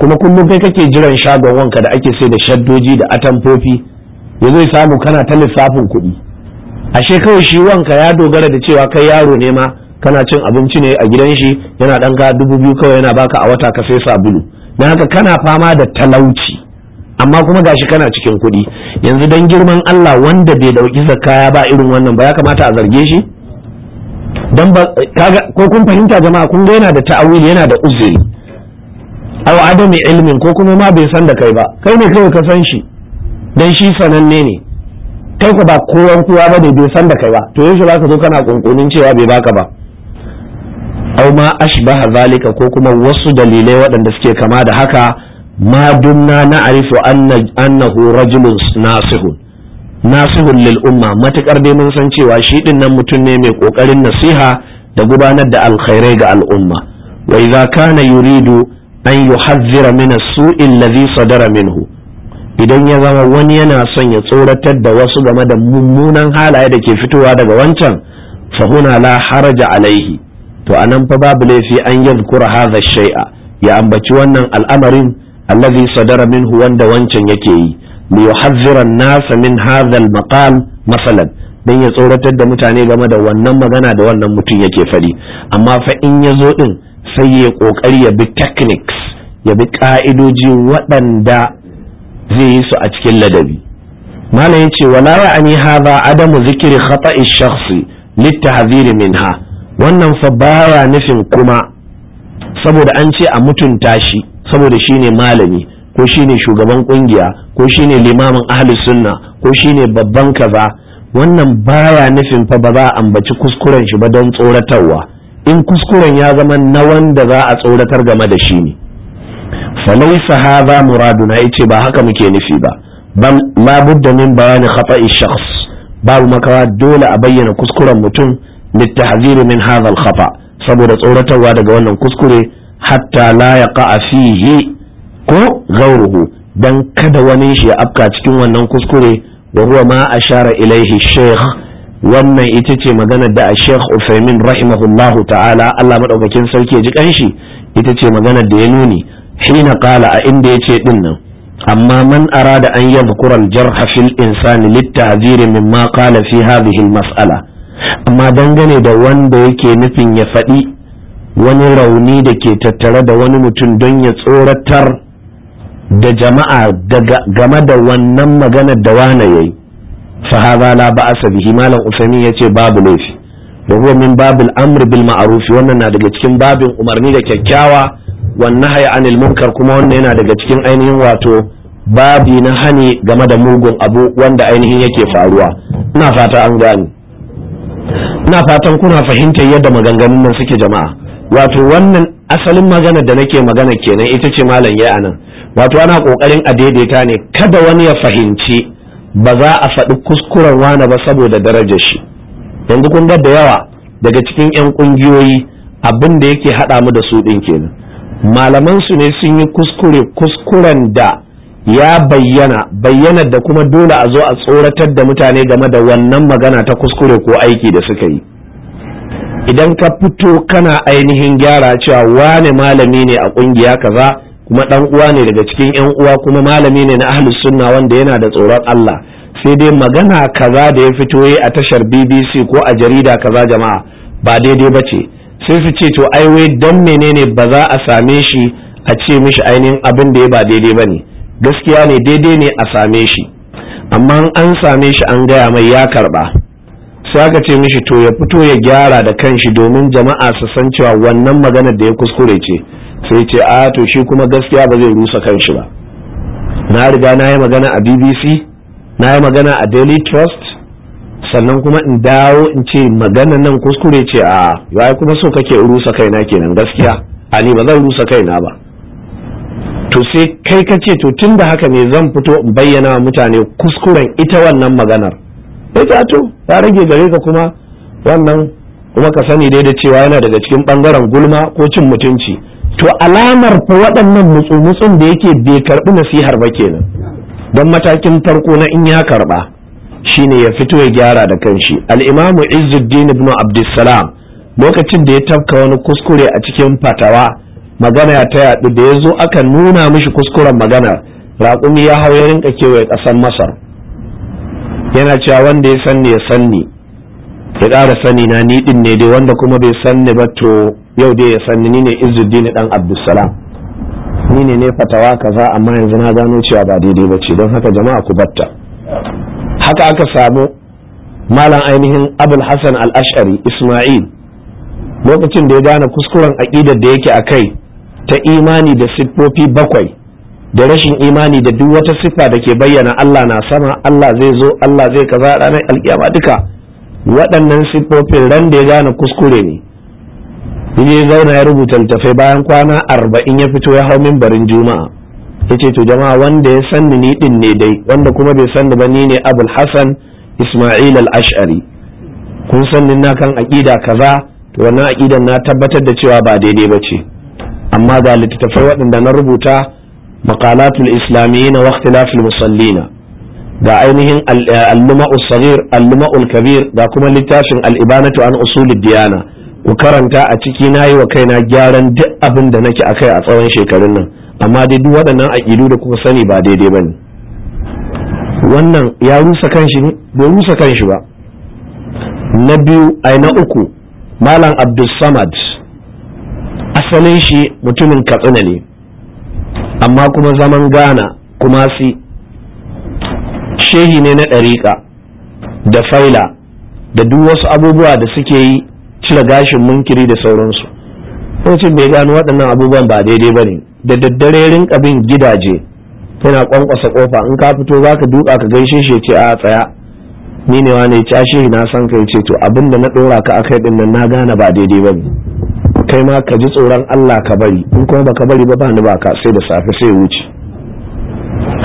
kuma kullum kai kake jiran shagon wanka da ake sai da shaddoji da atamfofi ya zai samu kana ta lissafin kuɗi ashe kawai shi wanka ya dogara da cewa kai yaro ne ma kana cin abinci ne a gidan shi yana ɗan ka dubu biyu kawai yana baka a wata ka sai sabulu don haka kana fama da talauci amma kuma gashi kana cikin kuɗi yanzu don girman Allah wanda bai dauki zakaya ba irin wannan ba ya kamata a zarge shi dan ba kaga ko kun fahimta jama'a kun ga yana da ta'awil yana da uzuri aw adami ilmin ko kuma ma bai san da kai ba kai ne kawai ka san shi dan shi sananne ne kai ku ba kowan kowa ba ne bai san da kai ba to yaushe za ka zo kana kunkunin cewa bai baka ba aw ma ashbaha zalika ko kuma wasu dalilai waɗanda suke kama da haka ma dumna na'rifu anna annahu rajulun nasihun nasihun lil umma matakar dai mun san cewa shi ɗin nan mutum ne mai kokarin nasiha da gudanar da alkhairai ga al'umma wa idza kana yuridu an yuhadhdhira min as-su'i alladhi sadara minhu idan ya zama wani yana son ya tsoratar da wasu game da mummunan halaye da ke fitowa daga wancan fa huna la haraja alaihi to anan fa babu laifi an yadhkura hadha shay'a ya ambaci wannan al'amarin allazi sadara minhu wanda wancan yake yi li yuhadhdhira an-nasa min hadha al-maqam masalan dan ya tsoratar da mutane game da wannan magana da wannan mutum yake fari amma fa in ya zo din sai ya kokari ya bi techniques ya bi ka'idoji waɗanda zai yi su a cikin ladabi malam yace wala ya'ani hadha adamu zikri khata'i shakhsi littahzir minha wannan fa baya nufin kuma saboda an ce a mutunta shi saboda shi ne malami ko shi ne shugaban kungiya ko shi ne limamin ahli sunna ko shi ne babban kaza wannan baya nufin fa ba za a ambaci kuskuren shi ba don tsoratarwa in kuskuren ya zama na wanda za a tsoratar game da shi ne falaisa hadha muraduna yace ba haka muke nufi ba bal la budda min bayani khata'i shakhs babu makawa dole a bayyana kuskuren mutum littahzir min hadha kafa saboda tsoratarwa daga wannan kuskure hatta la yaqa fihi ko ghawruhu dan kada wani shi ya afka cikin wannan kuskure wa huwa ma ashara ilaihi sheikh wannan ita ce magana da sheikh Uthaymeen rahimahullahu ta'ala Allah maɗaukakin sarki ya ji kanshi ita ce maganar da ya nuni hina qala a inda yace din nan amma man arada an yadhkura al-jarh fil insani littahziri min mimma qala fi hadhihi al-mas'ala amma dangane da wanda yake nufin ya faɗi wani rauni da ke tattare da wani mutum don ya tsoratar da jama'a game da wannan maganar da wane ya yi fahaza la a sabihi, malam usami ya ce babu laifi da kuma min babu amr bil ma'arufi, wannan na daga cikin babin umarni da kyakkyawa wannan haya anil munkar kuma wannan yana daga cikin ainihin wato babi na hani game da mugun abu wanda ainihin yake faruwa ina fata an gane na fatan kuna fahimtar yadda maganganun nan suke jama'a wato wannan asalin magana da nake magana kenan ita ce malam ya anan wato ana kokarin a daidaita ne kada wani ya fahimci ba za a faɗi kuskuren wani ba saboda darajar shi yanzu kun ga da yawa daga cikin 'yan ƙungiyoyi abin da yake haɗa mu da su ɗin kenan malaman su ne sun yi kuskure kuskuren da ya bayyana bayyana da kuma dole a zo a tsoratar da mutane game da wannan magana ta kuskure ko aiki da suka yi idan ka fito kana ainihin gyara cewa wane malami ne a kungiya kaza kuma dan uwa ne daga cikin yan uwa kuma malami ne na ahlus sunna wanda yana da tsoron Allah sai dai magana kaza da ya fito a tashar BBC ko a jarida kaza jama'a ba daidai ba ce sai su ce to ai wai dan menene ba za a same shi a ce mishi ainihin abin da ya ba daidai ba ne gaskiya ne daidai ne a same shi amma an same shi an gaya mai ya karba sai aka ce mishi to ya fito ya gyara da kanshi domin jama'a su san cewa wannan maganar da ya kuskure ce sai ce a ah, to shi kuma gaskiya ba zai rusa kanshi ba na riga na yi magana a bbc na yi magana a daily trust sannan kuma in dawo in ce magana nan kuskure ce a ah, ya kuma so kake rusa kaina kenan gaskiya ani ba zan rusa kaina ba to sai kai ka ce to tun da haka ne zan fito in bayyana mutane kuskuren ita wannan maganar ta to ta rage gare ka kuma wannan kuma ka sani dai da cewa yana daga cikin bangaren gulma ko cin mutunci to alamar fa waɗannan mutsumutsun da yake bai karɓi nasihar ba kenan don matakin farko na in ya karɓa shine ya fito ya gyara da kanshi al-imamu izzuddin ibn abdussalam lokacin da ya tafka wani kuskure a cikin fatawa magana ta yaɗu da ya zo aka nuna mishi kuskuren magana raƙumi ya hau ya rinka kewaye ƙasar masar yana cewa wanda ya sanni ya sanni ya ƙara sani na ni ne dai wanda kuma bai sanni ba to yau dai ya sanni ni ne izuddin dan abdulsalam ni ne ne fatawa kaza amma yanzu na gano cewa ba daidai ba ce don haka jama'a ku batta haka aka samu malam ainihin abul hassan al-ash'ari isma'il lokacin da ya gane kuskuren aƙidar da yake a kai ta imani da siffofi bakwai da rashin imani da duk wata siffa da ke bayyana Allah na sama Allah zai zo Allah zai kaza ranar alkiyama duka waɗannan siffofin ran da ya gane kuskure ne ya zauna ya rubuta littafai bayan kwana arba'in ya fito ya hau mimbarin juma'a ya ce to jama'a wanda ya sanni ni din ne dai wanda kuma bai sanni ba ni ne abul hasan isma'il al-ash'ari kun sanni na kan aƙida kaza to wannan aƙidan na tabbatar da cewa ba daidai ba ce amma ga littattafai waɗanda na rubuta maqalatul islamiyyin wa ikhtilafil musallina ga ainihin eh, al-luma'ul saghir al-luma'ul kabir ga kuma littafin al-ibanatu an usulid diyana ku karanta a ciki nayi wa kaina gyaran duk abin da nake akai a tsawon shekarun nan amma dai duk waɗannan aƙidu da kuka sani ba daidai bane wannan ya rusa kanshi ne bai rusa kanshi ba na biyu ai na uku malam abdul samad asalin shi mutumin katsina ne amma kuma zaman gana, kuma si shehi ne na ɗariƙa da faila da duk wasu abubuwa da suke yi cire gashin munkiri da sauransu lokacin bai gano waɗannan abubuwan ba daidai ba ne da daddare rinka bin gidaje yana kwankwasa kofa in ka fito za ka duka ka gaishe shi ce a tsaya ni ne ne ya ce na san ka ce to abin da na ɗora ka akai din nan na gana ba daidai ba ne kai ma ka ji tsoron Allah ka bari in kuma baka bari ba bani ba ka sai da safe sai wuce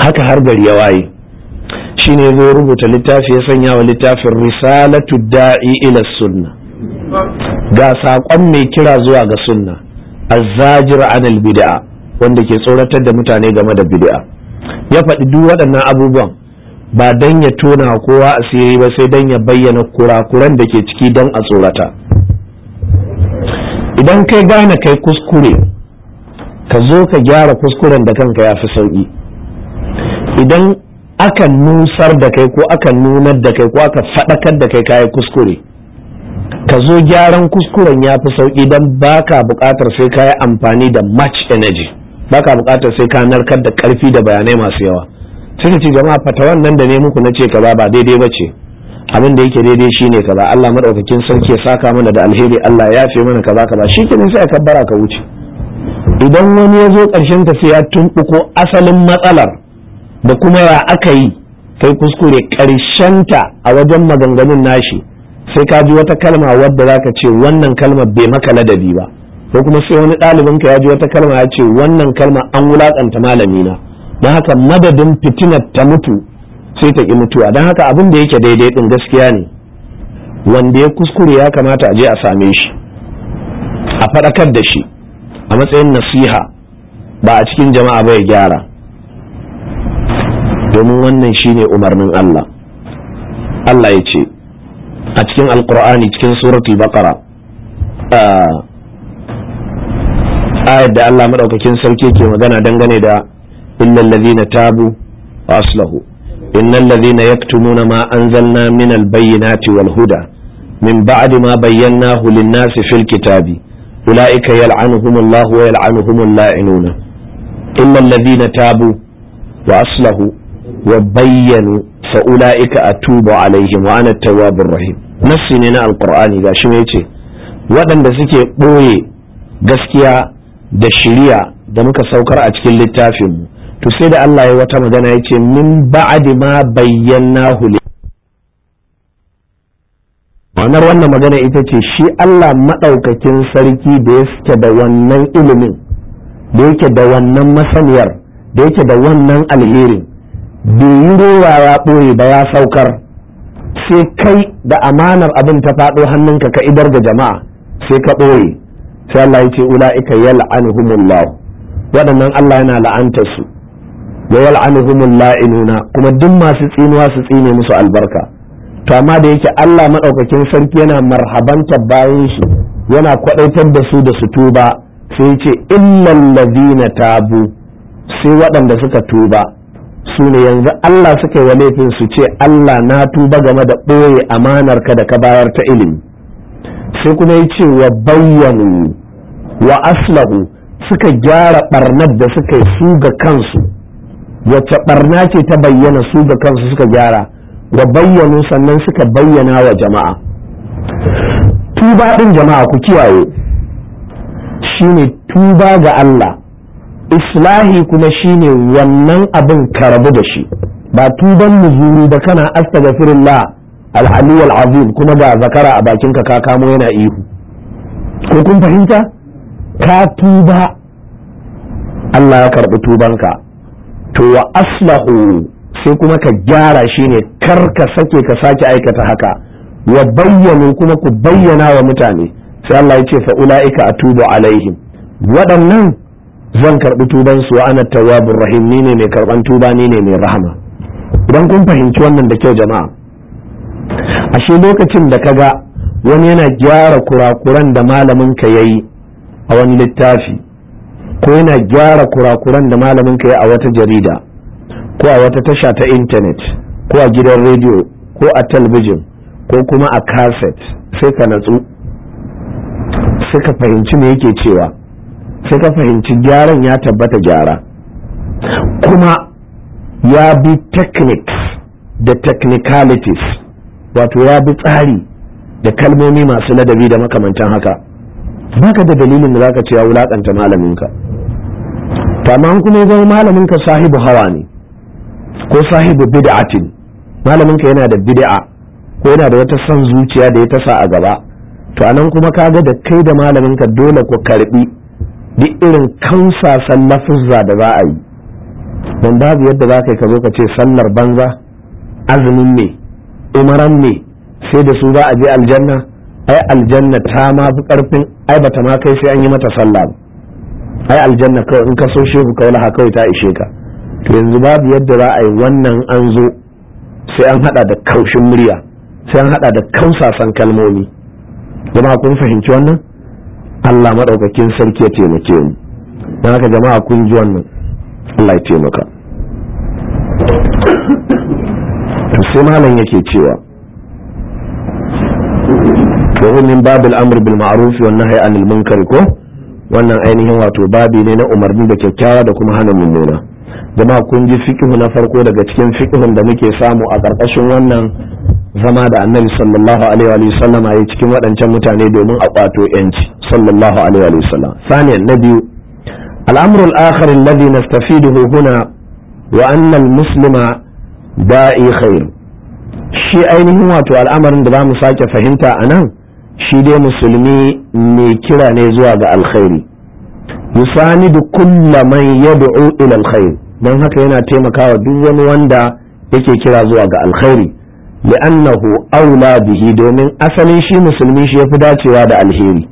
haka har gari ya waye shine yazo rubuta littafi ya sanya wa littafin risalatu da'i ila sunna ga saƙon mai kira zuwa ga sunna azzajir anil bid'a wanda ke tsoratar da mutane game da bid'a ya faɗi duk waɗannan abubuwan ba dan ya tona kowa asiri ba sai dan ya bayyana kurakuran da ke ciki don a tsorata idan kai gane kai kuskure ka zo ka gyara kuskuren da kanka ya fi sauƙi idan aka nusar da kai ko aka nunar da kai ko aka faɗakar da kai kayi kuskure ka zo gyaran kuskuren ya fi sauƙi don ba ka buƙatar sai ka yi amfani da much energy ba ka buƙatar sai ka narkar da ƙarfi da bayanai masu yawa sai ka ce jama'a fata wannan da ne muku na ce ka ba daidai ba ce abin da yake daidai shine kaza Allah madaukakin sarki ya saka mana da alheri Allah ya fi mana kaza kaza shikenan sai ka bara ka wuce idan wani ya zo ƙarshen ta sai ya tumbuko asalin matsalar da kuma ya aka yi kai kuskure ƙarshen ta a wajen maganganun nashi sai ka ji wata kalma wadda zaka ce wannan kalmar bai maka ladabi ba ko kuma sai wani ɗalibin ka ya ji wata kalma ya ce wannan kalma an wulakanta malami na don haka madadin fitinar ta mutu sai ta ƙi mutuwa don haka abin da yake daidai ɗin gaskiya ne wanda ya kuskure ya kamata a je a same shi a faɗakar da shi a matsayin nasiha ba a cikin jama'a ba ya gyara domin wannan shi ne umarnin Allah Allah ya ce a cikin alkur'ani cikin suratul baƙara ayar da Allah maɗaukakin sarki ke magana dangane da illal na tabu wa aslahu innal ladhina nuna ma anzalna min albayyinati wal huda min ba'di ma bayyanahu lin-nasi fil kitabi ulaika yal'anuhumullahu wa yal'anuhumul la'inuna illa alladhina tabu wa aslahu wa bayyanu fa ulaika atubu alaihim wa ana at-tawwabur rahim nassi ne na alqur'ani gashi ne yace waɗanda suke ɓoye gaskiya da shiriya da muka saukar a cikin littafinmu to sai da Allah ya wata magana ya ce min ba'adi ma bayyana hule ma'anar wannan magana ita ce shi Allah maɗaukakin sarki da yake da wannan ilimin da yake da wannan masaniyar da yake da wannan alherin da yi rowa ya ɓoye ba ya saukar sai kai da amanar abin ta faɗo hannunka ka idar da jama'a sai ka ɓoye sai Allah ya ce ula'ika yal'anuhumullah waɗannan Allah yana la'anta su wa yal'anuhumul la'inuna kuma duk masu tsinuwa su tsine musu albarka to amma da yake Allah madaukakin sarki yana marhabanta bayan shi yana kwadaitar da su da su tuba sai ce illal ladina tabu sai waɗanda suka tuba su ne yanzu Allah suka yi wa laifin su ce Allah na tuba game da ɓoye amanar ka da ka bayar ta ilimi sai kuma ya ce wa bayyanu wa aslahu suka gyara barnar da suka yi su ga kansu wacce barna ce ta bayyana su da kansu suka gyara wa bayyanu sannan suka bayyana wa jama'a tuba ɗin jama'a ku kiyaye shine tuba ga Allah islahi kuma shine wannan abin karabu da shi ba tuban muzuru ba kana astaghfirullah al-aliyyul azim kuma ga zakara a bakinka ka kamo yana ihu ko kun fahimta ka tuba Allah ya karbi tubanka to wa aslahu sai kuma ka gyara shi ne kar ka sake ka sake aikata haka wa bayyanu kuma ku bayyana wa mutane sai Allah ya ce fa ulaika atubu alaihim waɗannan zan karɓi tuban su wa ana tawwabur rahim ni ne mai karɓan tuba ni ne mai rahama idan kun fahimci wannan da kyau jama'a ashe lokacin da kaga wani yana gyara kurakuran da malamin ka yayi a wani littafi ko yana gyara kurakuran da malamin ka ya a wata jarida ko a wata tasha ta intanet ko a gidan rediyo ko a talbijin ko kuma a kaset sai ka natsu sai ka fahimci me yake cewa sai ka fahimci gyaran ya tabbata gyara kuma ya bi techniques da technicalities wato ya bi tsari da kalmomi masu ladabi da makamantan haka baka da dalilin da zaka ce wulakanta wulakanta malaminka to amma kuma ya zama malaminka sahibu hawa ne ko sahibu bid'atin malaminka yana da bid'a ko yana da wata san zuciya da ya tasa a gaba to anan kuma kaga da kai da malaminka dole ku karbi duk irin kansasan lafuzza da za a yi don babu yadda za ka yi ka zo ka ce sallar banza azumin ne umaran ne sai da su za a je aljanna ai aljanna ta ma fi karfin ai bata ma kai sai an yi mata sallah ba ai aljanna kawai in ka so shi ku ka laha kawai ta ishe ka to yanzu babu yadda za a yi wannan an zo sai an hada da kaushin murya sai an hada da kausasan kalmomi jama'a kun fahimci wannan Allah madaukakin sarki ya taimake mu dan haka jama'a kun ji wannan Allah ya taimaka sai malam yake cewa wa hum min babil amr bil ma'ruf wan nahyi anil munkar ko wannan ainihin wato babi ne na umarni da kyakkyawa da kuma hana mummuna jama'a kun ji fiqhu na farko daga cikin fiqhun da muke samu a ƙarƙashin wannan zama da annabi sallallahu alaihi wa sallam cikin waɗancan mutane domin a kwato yanci sallallahu alaihi wa sallam saniyan na biyu الأمر الآخر الذي نستفيده هنا وأن المسلم داعي خير shi ainihin wato al'amarin da za mu sake fahimta a nan shi dai musulmi mai kira ne zuwa ga alkhairi da kulla man yad'u ila alkhair don haka yana taimakawa duk wani wanda yake kira zuwa ga alkhairi li'annahu aula bihi domin asalin shi musulmi shi yafi dacewa da alheri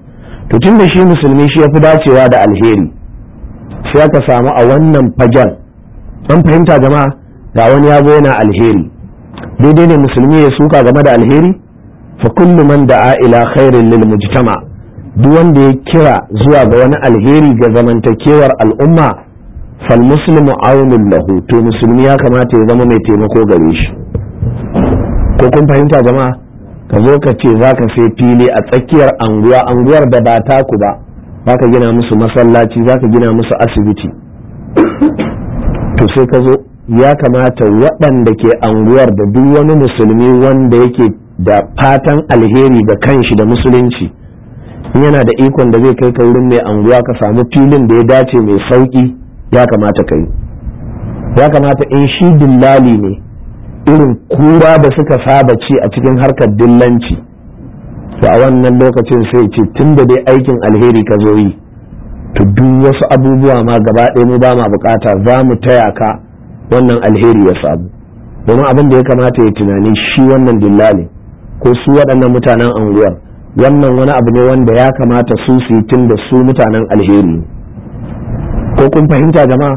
to da shi musulmi shi yafi dacewa da alheri sai aka samu a wannan fajar an fahimta jama'a ga wani ya zo yana alheri daidai ne musulmi ya suka game da alheri fa kullu man da'a ila khairin lil mujtama duk wanda ya kira zuwa ga wani alheri ga zamantakewar al'umma fal muslimu lahu to musulmi ya kamata ya zama mai taimako gare shi ko kun fahimta jama'a ka zo ka ce za ka sai fili a tsakiyar anguwa anguwar da ba taku ba za ka gina musu masallaci za ka gina musu asibiti to sai ka zo ya kamata waɗanda ke anguwar da duk wani musulmi wanda yake da fatan alheri da kanshi da musulunci yana da ikon da zai kai ka wurin mai anguwa ka samu filin da ya dace mai sauki ya kamata ka yi ya kamata in shi dillali ne irin kura da suka saba ci a cikin harkar dillanci to a wannan lokacin sai ce tun da dai aikin alheri ka zo yi to duk wasu abubuwa ma gaba ɗaya mu ba ma bukata za mu taya ka wannan alheri ya samu domin abin da ya kamata ya tunani shi wannan dillali. ko su waɗannan mutanen anguwar wannan wani abu ne wanda ya kamata su su tun da su mutanen alheri ko kun fahimta jama'a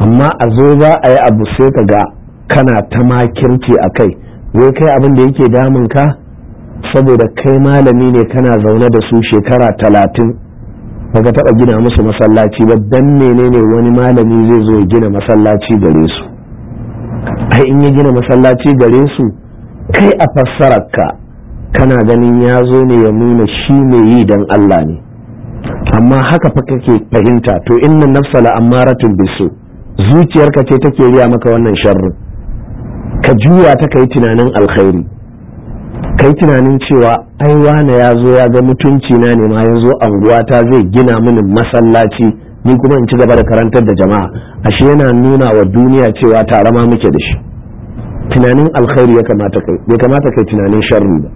amma a zo za a yi abu sai ka ga kana ta makirci a kai zai kai abin da yake damun ka saboda kai malami ne kana zaune da su shekara talatin baka taɓa gina musu masallaci ba dan menene wani malami zai zo ya gina masallaci gare su ai in ya gina masallaci gare su kai a fassarar ka kana ganin ya zo ne ya nuna shi ne yi don Allah ne amma haka fa kake fahimta to inna nafsa la amaratun bisu zuciyarka ce take riya maka wannan sharrin ka juya ta kai tunanin alkhairi kai tunanin cewa ai wane ya zo ya ga mutunci na ne ma ya zo anguwata zai gina mini masallaci ni kuma in ci gaba da karantar da jama'a ashe yana nuna wa duniya cewa tare ma muke da shi tunanin alkhairi ya kamata kai bai kamata kai tunanin sharri ba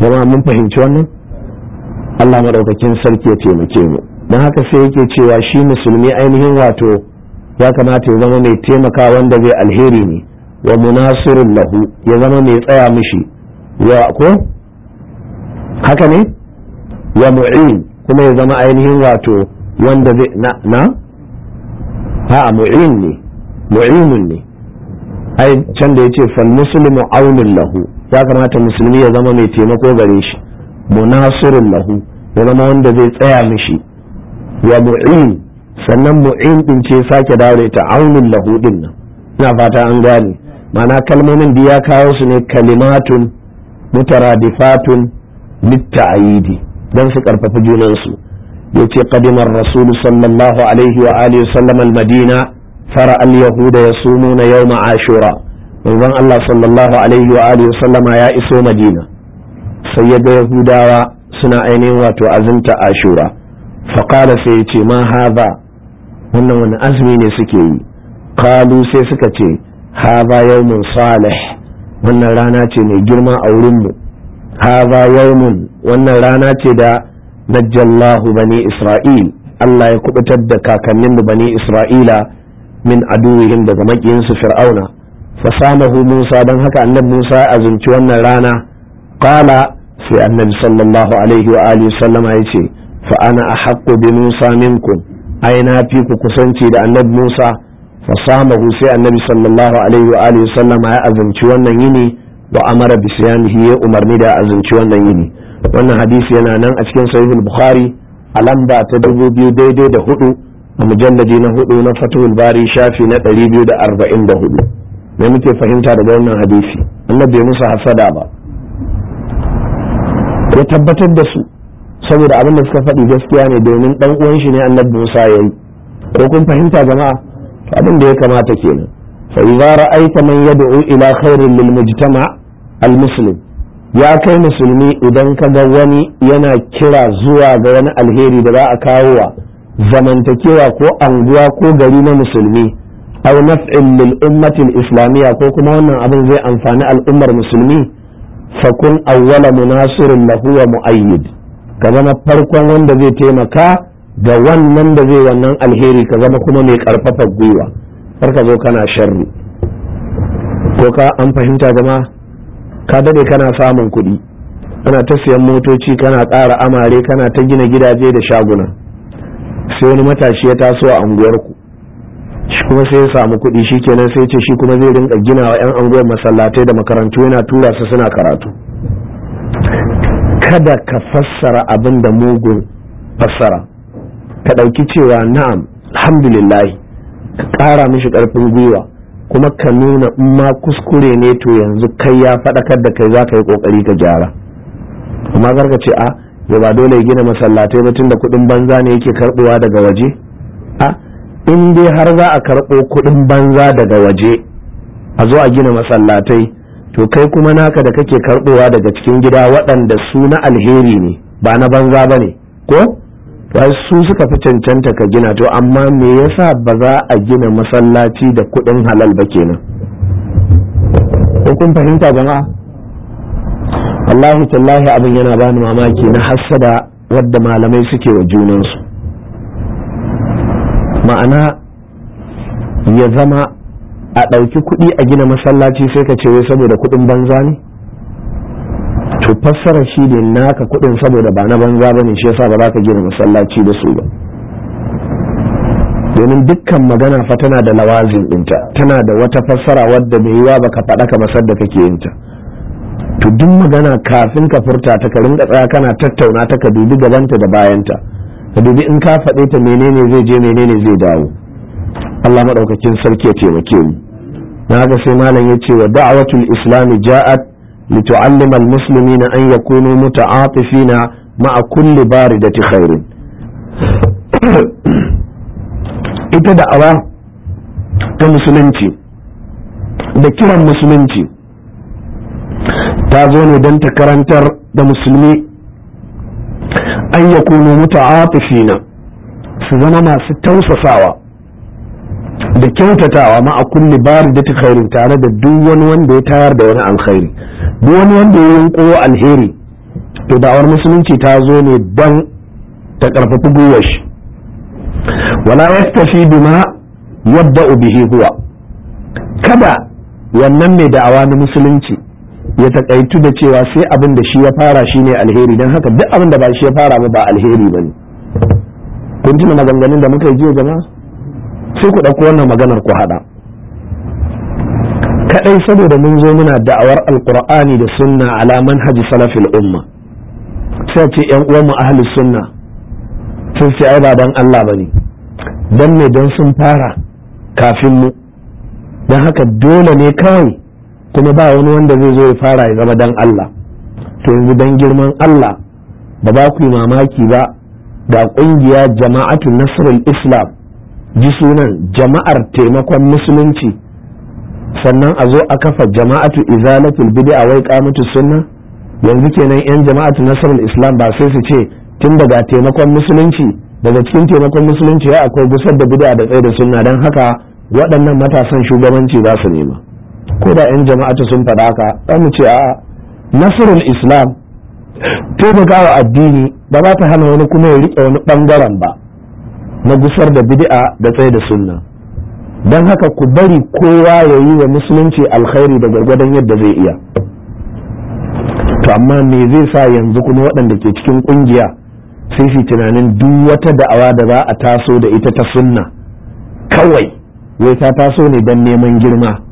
jama'a mun fahimci wannan Allah madaukakin sarki ya taimake mu don haka sai yake cewa shi musulmi ainihin wato ya kamata ya zama mai taimaka wanda zai alheri ne wa munasirun lahu ya zama mai tsaya mishi wa ko haka ne wa mu'in kuma ya zama ainihin wato wanda zai na na ha mu'in ne mu'inun ne ai can da yace fal muslimu aunin lahu ya kamata musulmi ya zama mai taimako gare shi munasirun lahu ya zama wanda zai tsaya mishi wa mu'in sannan mu'in din ce sake dare ta aunin lahu din nan ina fata an gane ma'ana kalmomin da ya kawo su ne kalimatun mutaradifatun litta'idi dan su karfafa junansu yace qadimar rasul sallallahu alaihi wa alihi sallam al-madina fara al-yahuda yasumuna yawma ashura manzon Allah sallallahu alaihi wa sallama ya iso Madina sai ya ga Yahudawa suna ainihin wato azumta ashura faqala sai ya ce ma wannan wani azumi ne suke yi kalu sai suka ce hadha yawmun salih wannan rana ce mai girma a wurinmu hadha yawmun wannan rana ce da najjallahu bani isra'il Allah ya kubutar da kakanninmu bani isra'ila min aduwihim daga makiyinsu fir'auna fasamahu musa don haka annabi musa ya azumci wannan rana qala sai annabi sallallahu alaihi wa alihi sallama ce fa ana ahaqqu bi musa minkum ai na fi ku kusanci da annabi musa fasamahu sai annabi sallallahu alaihi wa alihi sallama ya azumci wannan yini wa amara bi ya umarni da azumci wannan yini wannan hadisi yana nan a cikin sahihul bukhari a lamba ta dubu biyu daidai da hudu a mujalladi na hudu na fatul bari shafi na hudu me muke fahimta daga wannan hadisi Allah bai musu hasada ba ya tabbatar da su saboda abin da suka faɗi gaskiya ne domin ɗan uwan shi ne annabi Musa ya yi ko kun fahimta jama'a abin da ya kamata kenan fa idza ra'aita man yad'u ila khairin lil mujtama al muslim ya kai musulmi idan ka ga wani yana kira zuwa ga wani alheri da za a kawo wa zamantakewa ko anguwa ko gari na musulmi aw naf'in lil ummatil islamiyya ko kuma wannan abin zai amfani al'ummar musulmi fakun awwala munasirin lahu wa mu'ayyid ka zama farkon wanda zai taimaka da wannan da zai wannan alheri ka zama kuma mai karfafa gwiwa ka zo kana sharri ko ka an fahimta jama ka dade kana samun kuɗi kana ta siyan motoci kana ƙara amare kana ta gina gidaje da shaguna sai wani matashi ya taso a unguwarku shi kuma sai ya samu kuɗi shi kenan sai ce shi kuma zai rinka gina wa 'yan unguwar masallatai da makarantu yana tura su suna karatu kada ka fassara abin da mugun fassara ka ɗauki cewa na'am alhamdulillah ka ƙara mishi ƙarfin gwiwa kuma ka nuna in ma kuskure ne to yanzu kai ya faɗakar da kai za ka yi ƙoƙari ka gyara amma garka ce a ya ba dole ya gina masallatai ba tunda kuɗin banza ne yake karbowa daga waje a in dai har za a karɓo kuɗin banza daga waje a zo a gina masallatai to kai kuma naka da kake karɓowa daga cikin gida waɗanda su na alheri ne ba na banza ba ne ko su suka fi cancanta ka gina to amma me yasa ba za a gina masallaci da kuɗin halal ba kenan ko kun fahimta jama'a wallahi tallahi abin yana bani mamaki na hassada wadda malamai suke wa junansu ma'ana ya zama a ɗauki kuɗi a gina masallaci sai ka ce wai saboda kuɗin banza ne to fassara shi ne naka kuɗin saboda ba na banza ba ne shi yasa ba za ka gina masallaci da su ba domin dukkan magana fa tana da lawazin ɗinta tana da wata fassara wadda mai yiwa ba ka faɗa ka masar da kake yinta to duk magana kafin ka furta ta ka da tsaya kana tattauna ta ka dubi gabanta da bayanta ka dubi in ka faɗe ta menene zai je menene zai dawo Allah maɗaukacin sarki ya taimake mu na ga sai malam ya ce wa da'awatul islami ja'at li tu'allima al-muslimina an yakunu muta'atifina ma'a kulli baridati khairin ita da'awa ta musulunci da kiran musulunci ta zo ne don ta karantar da musulmi an ya kuno muta'atifina su zama masu tausasawa da kyautatawa ma a kulle bari da khairin tare da duk wani wanda ya tayar da wani alkhairi duk wani wanda ya yanko alheri to da'awar musulunci ta zo ne don ta karfafi gwiwar shi wala yastafi bima yabda bihi huwa kada wannan mai da'awa na musulunci ya takaitu da cewa sai abin da shi ya fara shine alheri don haka duk abin da ba shi ya fara ba ba alheri ba ne kun ji maganganun da muka yi jiya jama'a sai ku ɗauko wannan maganar ku haɗa kaɗai saboda mun zo muna da'awar alƙur'ani da sunna ala manhaji salafil umma sai ce yan uwanmu ahli sunna sun ce ai ba dan Allah bane dan ne dan sun fara kafin mu don haka dole ne kawai kuma ba wani wanda zai zo ya fara ya zama dan Allah to yanzu dan girman Allah ba ba ku yi mamaki ba ga kungiya jama'atu nasrul islam ji sunan jama'ar taimakon musulunci sannan a zo a kafa jama'atu izalatul bid'a wai qamatu sunna yanzu kenan yan jama'atu nasrul islam ba sai su ce tun daga taimakon musulunci daga cikin taimakon musulunci ya akwai gusar da bid'a da tsaye da sunna dan haka waɗannan matasan shugabanci za su nema ko da yan ta sun faɗa haka za mu ce a nasarar islam taimakawa addini ba za ta hana wani kuma ya riƙe wani ɓangaren ba na gusar da bid'a da tsaye da sunna don haka ku bari kowa ya yi wa musulunci alkhairi da gwargwadon yadda zai iya to amma me zai sa yanzu kuma waɗanda ke cikin ƙungiya sai su tunanin duk wata da'awa da za a taso da ita ta sunna kawai wai ta taso ne don neman girma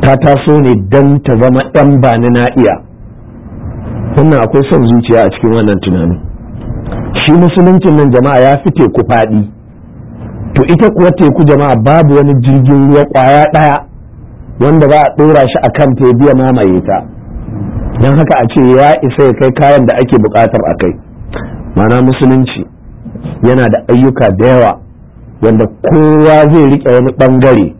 ta taso ne don ta zama ɗan ba na iya wannan akwai son zuciya a cikin wannan tunanin shi musuluncin nan jama'a ya fi teku faɗi to ita kuwa teku jama'a babu wani jirgin ruwa ƙwaya ɗaya wanda ba a ɗora shi a kan biya mamaye ta don haka a ce ya isa ya kai kayan da ake buƙatar a kai mana musulunci yana da ayyuka da yawa wanda kowa zai riƙe wani ɓangare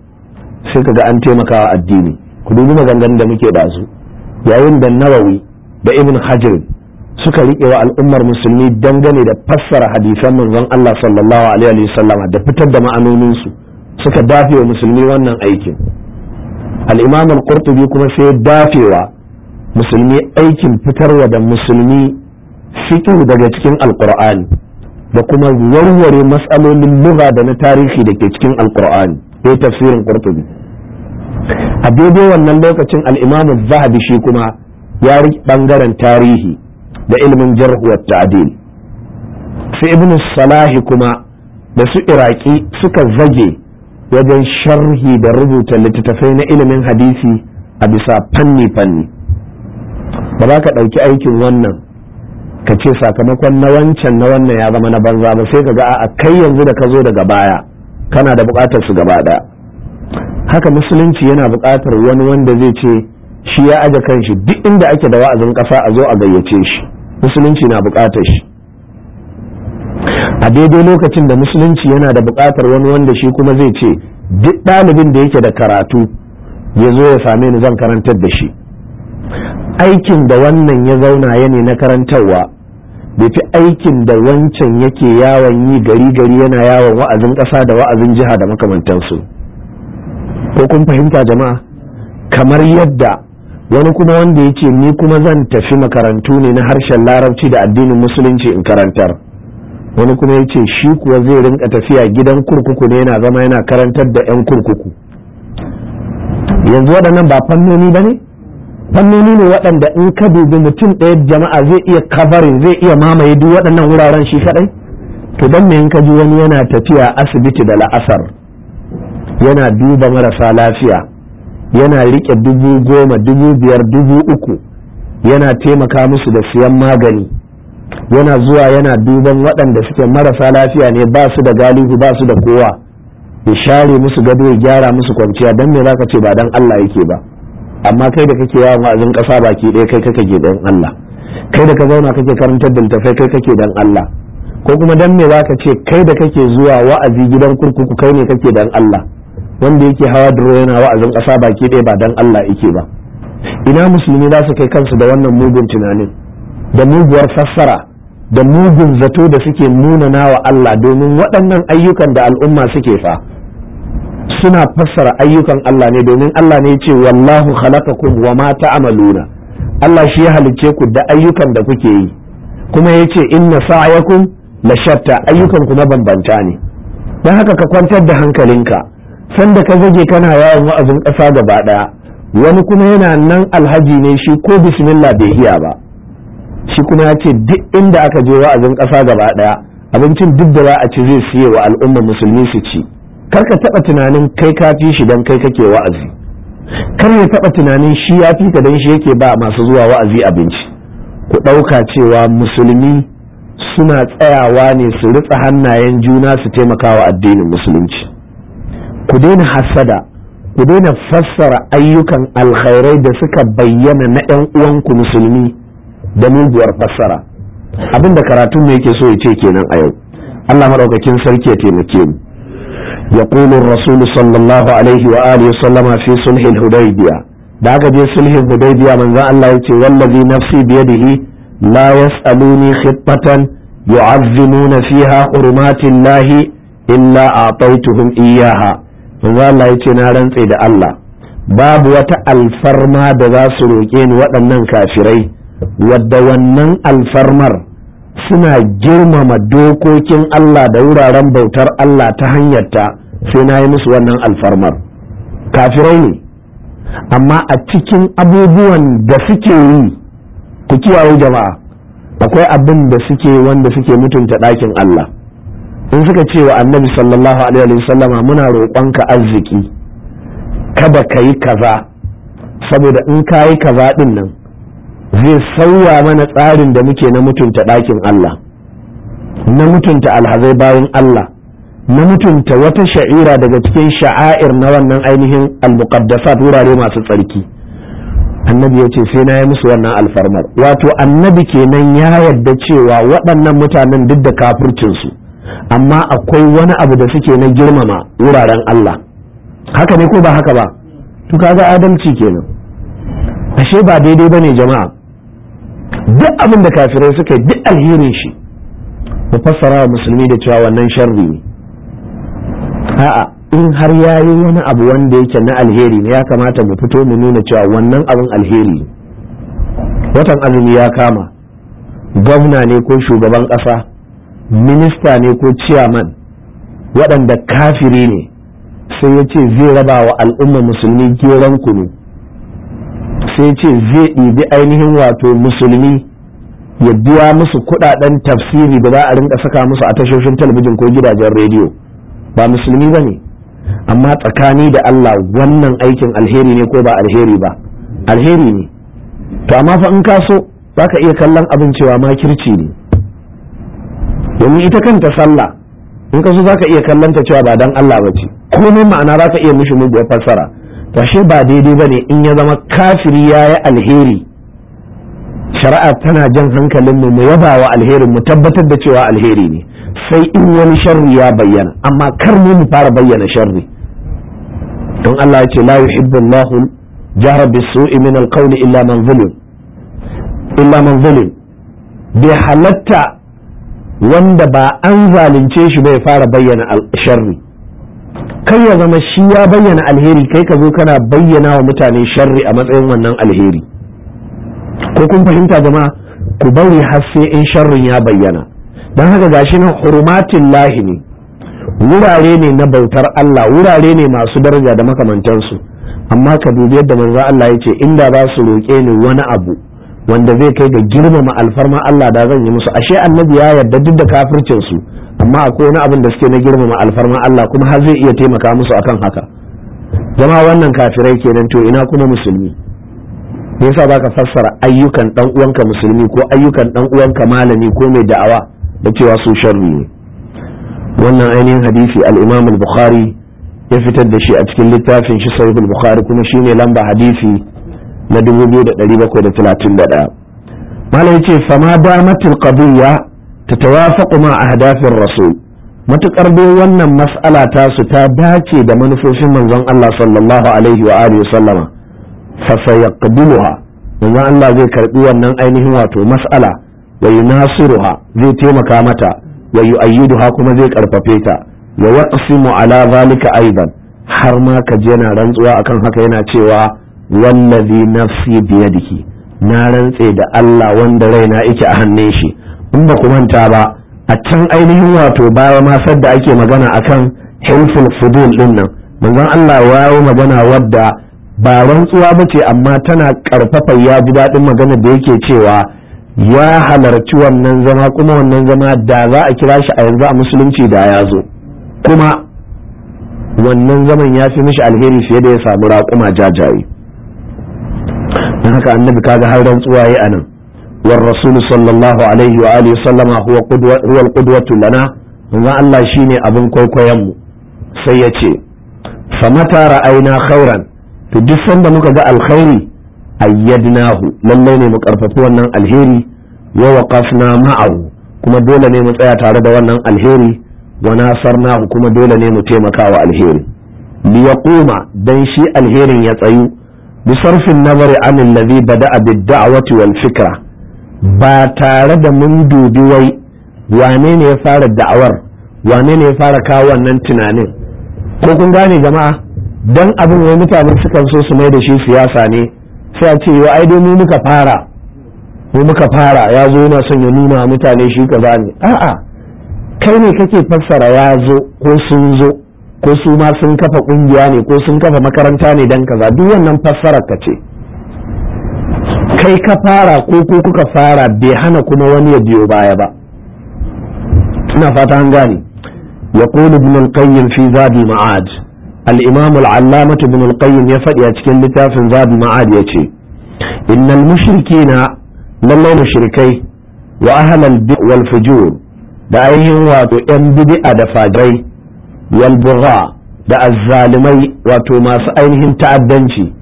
sai kaga an taimakawa addini ku dubi maganganun da muke da su yayin da nawawi da ibn hajar suka riƙe wa al'ummar musulmi dangane da fassara hadisan manzon Allah sallallahu alaihi wa sallama da fitar da ma'anonin su suka dafe wa musulmi wannan aikin al-imam kuma sai dafewa musulmi aikin fitarwa da musulmi siki daga cikin alqur'ani da kuma warware matsalolin lugha da na tarihi da ke cikin alqur'ani ya yi tafsirin qurtubi a daidai wannan lokacin al zahabi shi kuma ya riƙe ɓangaren tarihi da ilimin jarh wa ta'dil ibn salahi kuma da su iraki suka zage wajen sharhi da rubuta littattafai na ilimin hadisi a bisa fanni-fanni ba za ka ɗauki aikin wannan ka ce sakamakon na wancan na wannan ya zama na banza ba sai ka ga a kai yanzu da ka zo daga baya kana da bukatar su gaba haka musulunci yana bukatar wani wanda zai ce shi ya aje kanshi duk inda ake da wa'azin kasa a zo a gayyace shi musulunci na bukatar shi a daidai lokacin da musulunci yana da bukatar wani wanda shi kuma zai ce duk ɗalibin da yake da karatu ya zo ya same ni zan karantar da shi aikin da wannan ya zauna ya ne na karantarwa bai fi aikin da wancan yake yawon yi gari gari yana yawon wa'azin ƙasa da wa'azin jiha da makamantansu ko kun fahimta jama'a kamar yadda wani kuma wanda ya ce ni kuma zan tafi makarantu ne na harshen larabci da addinin musulunci in karantar wani kuma ya ce shi kuwa zai rinka tafiya gidan kurkuku ne yana zama yana karantar da 'yan kurkuku yanzu waɗannan ba fannoni ba ne fannoni ne waɗanda in ka dubi mutum ɗaya jama'a zai iya kabarin zai iya mamaye duk waɗannan wuraren shi kaɗai to don me in ka ji wani yana tafiya asibiti da la'asar yana duba marasa lafiya yana riƙe dubu goma dubu biyar dubu uku yana taimaka musu da siyan magani yana zuwa yana duban waɗanda suke marasa lafiya ne ba su da galihu ba su da kowa ya share musu gado ya gyara musu kwanciya don me za ka ce ba don Allah yake ba amma kai da kake yawon wa'azin ƙasa baki ɗaya kai kake dan Allah kai da ka zauna kake karantar da littafai kai kake dan Allah ko kuma dan me ka ce kai da kake zuwa wa'azi gidan kurkuku kai ne kake dan Allah wanda yake hawa duro yana wa'azin ƙasa baki ɗaya ba dan Allah yake ba ina musulmi za su kai kansu da wannan mugun tunanin da muguwar fassara da mugun zato da suke nuna wa Allah domin waɗannan ayyukan da al'umma suke fa suna fassara ayyukan Allah ne domin Allah ne ce wallahu khalaqakum wa ma ta'maluna Allah shi ya halicce ku da ayyukan da kuke yi kuma yace inna sa'yakum la shatta ayyukan kuma bambanta ne dan haka ka kwantar da hankalinka sanda ka zage kana yawon wa'azin ƙasa gaba ɗaya wani kuma yana nan alhaji ne shi ko bismillah bai hiya ba shi kuma yace duk inda aka je wa'azin ƙasa gaba ɗaya abincin duk da za a ci zai siye wa al'ummar musulmi su ci kar ka taɓa tunanin kai ka fi shi don kai kake wa'azi kar ya taɓa tunanin shi ya fi ka don shi yake ba masu zuwa wa'azi abinci ku ɗauka cewa musulmi suna tsayawa ne su ritsa hannayen juna su taimaka wa addinin musulunci ku daina hasada ku daina fassara ayyukan alkhairai da suka bayyana na 'yan uwanku musulmi da muguwar fassara abin da karatun mu yake so ya ce kenan a yau Allah maɗaukakin sarki ya taimake mu يقول الرسول صلى الله عليه وآله وسلم في صلح الهديبية da aka je sulhin hudaybiya manzo Allah yace wallazi nafsi biyadihi la yasaluni khittatan yu'azzimuna fiha hurumatillahi illa a'taytuhum iyyaha manzo Allah yace na rantse da Allah babu wata alfarma da za su roƙe ni waɗannan kafirai wadda wannan alfarmar suna girmama dokokin Allah da wuraren bautar Allah ta hanyarta sai na yi musu wannan alfarmar kafirai ne amma a cikin abubuwan da suke yi ku kiyaye jama'a akwai abin da suke wanda suke mutunta ɗakin Allah in suka ce wa annabi sallallahu alaihi wasallama muna roƙonka arziki kada ka yi kaza saboda in ka yi kaza ɗin nan zai sauya mana tsarin da muke na mutunta ɗakin Allah na mutunta alhazai bayan Allah na mutunta wata sha'ira daga cikin sha'air na wannan ainihin almuqaddasat wurare masu tsarki annabi ya ce sai na yi musu wannan alfarmar wato annabi kenan ya yarda cewa waɗannan mutanen duk da kafircinsu amma akwai wani abu da suke na girmama wuraren Allah haka ne ko ba haka ba to kaga adalci kenan ashe ba daidai bane jama'a duk abin da kafirai suka yi duk alherin shi mu fassara wa musulmi da cewa wannan sharri ne a'a in har yayi wani abu wanda yake na alheri ne ya kamata mu fito mu nuna cewa wannan abin alheri ne watan azumi ya kama gwamna ne ko shugaban ƙasa minista ne ko ciyaman waɗanda kafiri ne sai ya ce zai raba wa al'umma musulmi geron kunu sai ce zai ɗibi ainihin wato musulmi ya biya musu kuɗaɗen tafsiri da za a rinka saka musu a tashoshin talabijin ko gidajen rediyo ba musulmi ba ne amma tsakani da Allah wannan aikin alheri ne ko ba alheri ba alheri ne to amma fa in ka so za ka iya kallon abin cewa makirci ne domin ita kanta sallah in ka so za ka iya kallon ta cewa ba dan Allah ba ce komai ma'ana za ka iya mishi muguwar fassara washe ba daidai ba ne in ya zama kafiri ya yi alheri shari'a tana jan hankalinmu mu yaba wa alherin mu tabbatar da cewa alheri ne sai in wani sharri ya bayyana amma kar mu fara bayyana sharri don Allah ya ce la yuhibbu Allahu jahra bisu'i min alqawl illa man zulim illa man zulim bi halatta wanda ba an zalunce shi bai fara bayyana sharri kai ya zama shi ya bayyana alheri kai ka zo kana bayyana wa mutane sharri a matsayin wannan alheri ko kun fahimta jama'a ku bari har sai in sharrin ya bayyana don haka gashi nan hurumatin lahi ne wurare ne na bautar Allah wurare ne masu daraja da makamantansu amma ka dubi yadda manzo Allah ya ce inda za su roƙe ni wani abu wanda zai kai ga girmama alfarma Allah da zan yi musu ashe annabi ya yarda duk da kafircin su amma akwai wani abin da suke na girmama alfarma Allah kuma har zai iya taimaka musu akan haka jama'a wannan kafirai kenan to ina kuma musulmi me yasa baka fassara ayyukan dan uwanka musulmi ko ayyukan dan uwanka malami ko mai da'awa da cewa su sharri ne wannan ainihin hadisi al-Imam al-Bukhari ya fitar da shi a cikin littafin shi Sahih al-Bukhari kuma shine lamba hadisi na da da da talatin 2731 malam ce fama ta qadiyya kuma ma ahdafir rasul Matuƙar dai wannan mas'ala ta su ta dace da manufofin manzon Allah sallallahu alaihi wa alihi sallama fa sayaqbiluha manzon Allah zai karɓi wannan ainihin wato mas'ala wa yunasiruha zai taimaka mata wa yu'ayyiduha kuma zai karfafe ta wa yaqsimu ala zalika aidan har ma kaji yana rantsuwa akan haka yana cewa wallazi nafsi biyadihi na rantse da Allah wanda raina yake a hannun shi in ba ku manta ba a can ainihin wato baya ma sadda ake magana akan hilful fudul din nan manzon Allah ya yi magana wadda ba rantsuwa ba ce amma tana karfafa ya ji daɗin magana da yake cewa ya halarci wannan zama kuma wannan zama da za a kira shi a yanzu a musulunci da ya zo kuma wannan zaman ya fi mishi alheri fiye da ya samu raƙuma jajaye don haka annabi kaga har rantsuwa a anan war rasul sallallahu alaihi wa alihi sallama huwa qudwa huwa qudwatu lana manzo Allah shine abin kwaikwayon mu sai yace mata ra'ayna khairan to duk sanda muka ga alkhairi ayyadnahu lallai ne mu karfafi wannan alheri wa waqafna ma'ahu kuma dole ne mu tsaya tare da wannan alheri wa nasarnahu kuma dole ne mu taimaka wa alheri li yaquma dan shi alherin ya tsayu بصرف النظر عن الذي بدا بالدعوه والفكره wal fikra ba tare da mun dubi wai wane ne ya fara da'awar wane ne ya fara kawo wannan tunanin ko kun gane jama'a dan abin wai mutane suka so su mai da shi siyasa ne sai a ce yau ai dai mu muka fara mu muka fara ya zo yana son ya nuna mutane shi kaza ne a'a kai ne kake fassara ya zo ko sun zo ko su ma sun kafa kungiya ne ko sun kafa makaranta ne don kaza duk wannan fassarar ka ce kai ka fara ko ko kuka fara bai hana kuma wani ya biyo baya ba ina fata an gane يقول ابن القيم في زاد معاد الإمام العلامة ابن القيم يفدي أتكلم لتاف زاد معاد يتي إن المشركين لما مشركي وأهل البئ والفجور da ainihin wato ‘yan bidi'a da fajirai yalbugha da azzalimai wato masu ainihin ta'addanci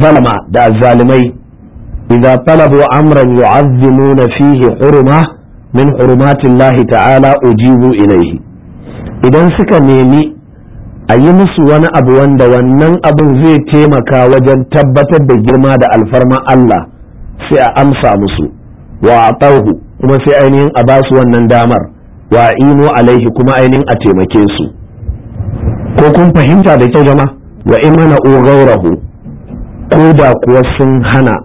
zalama da azzalimai idza talabu amran yu'azzimuna fihi hurma min hurmatillahi ta'ala ujibu ilaihi idan suka nemi a yi musu wani abu wanda wannan abin zai taimaka wajen tabbatar da girma da alfarma Allah sai a amsa musu wa a kuma sai ainihin a basu wannan damar wa inu alaihi kuma ainihin a taimake su ko kun fahimta da kyau jama wa imana ugaurahu ko da kuwa sun hana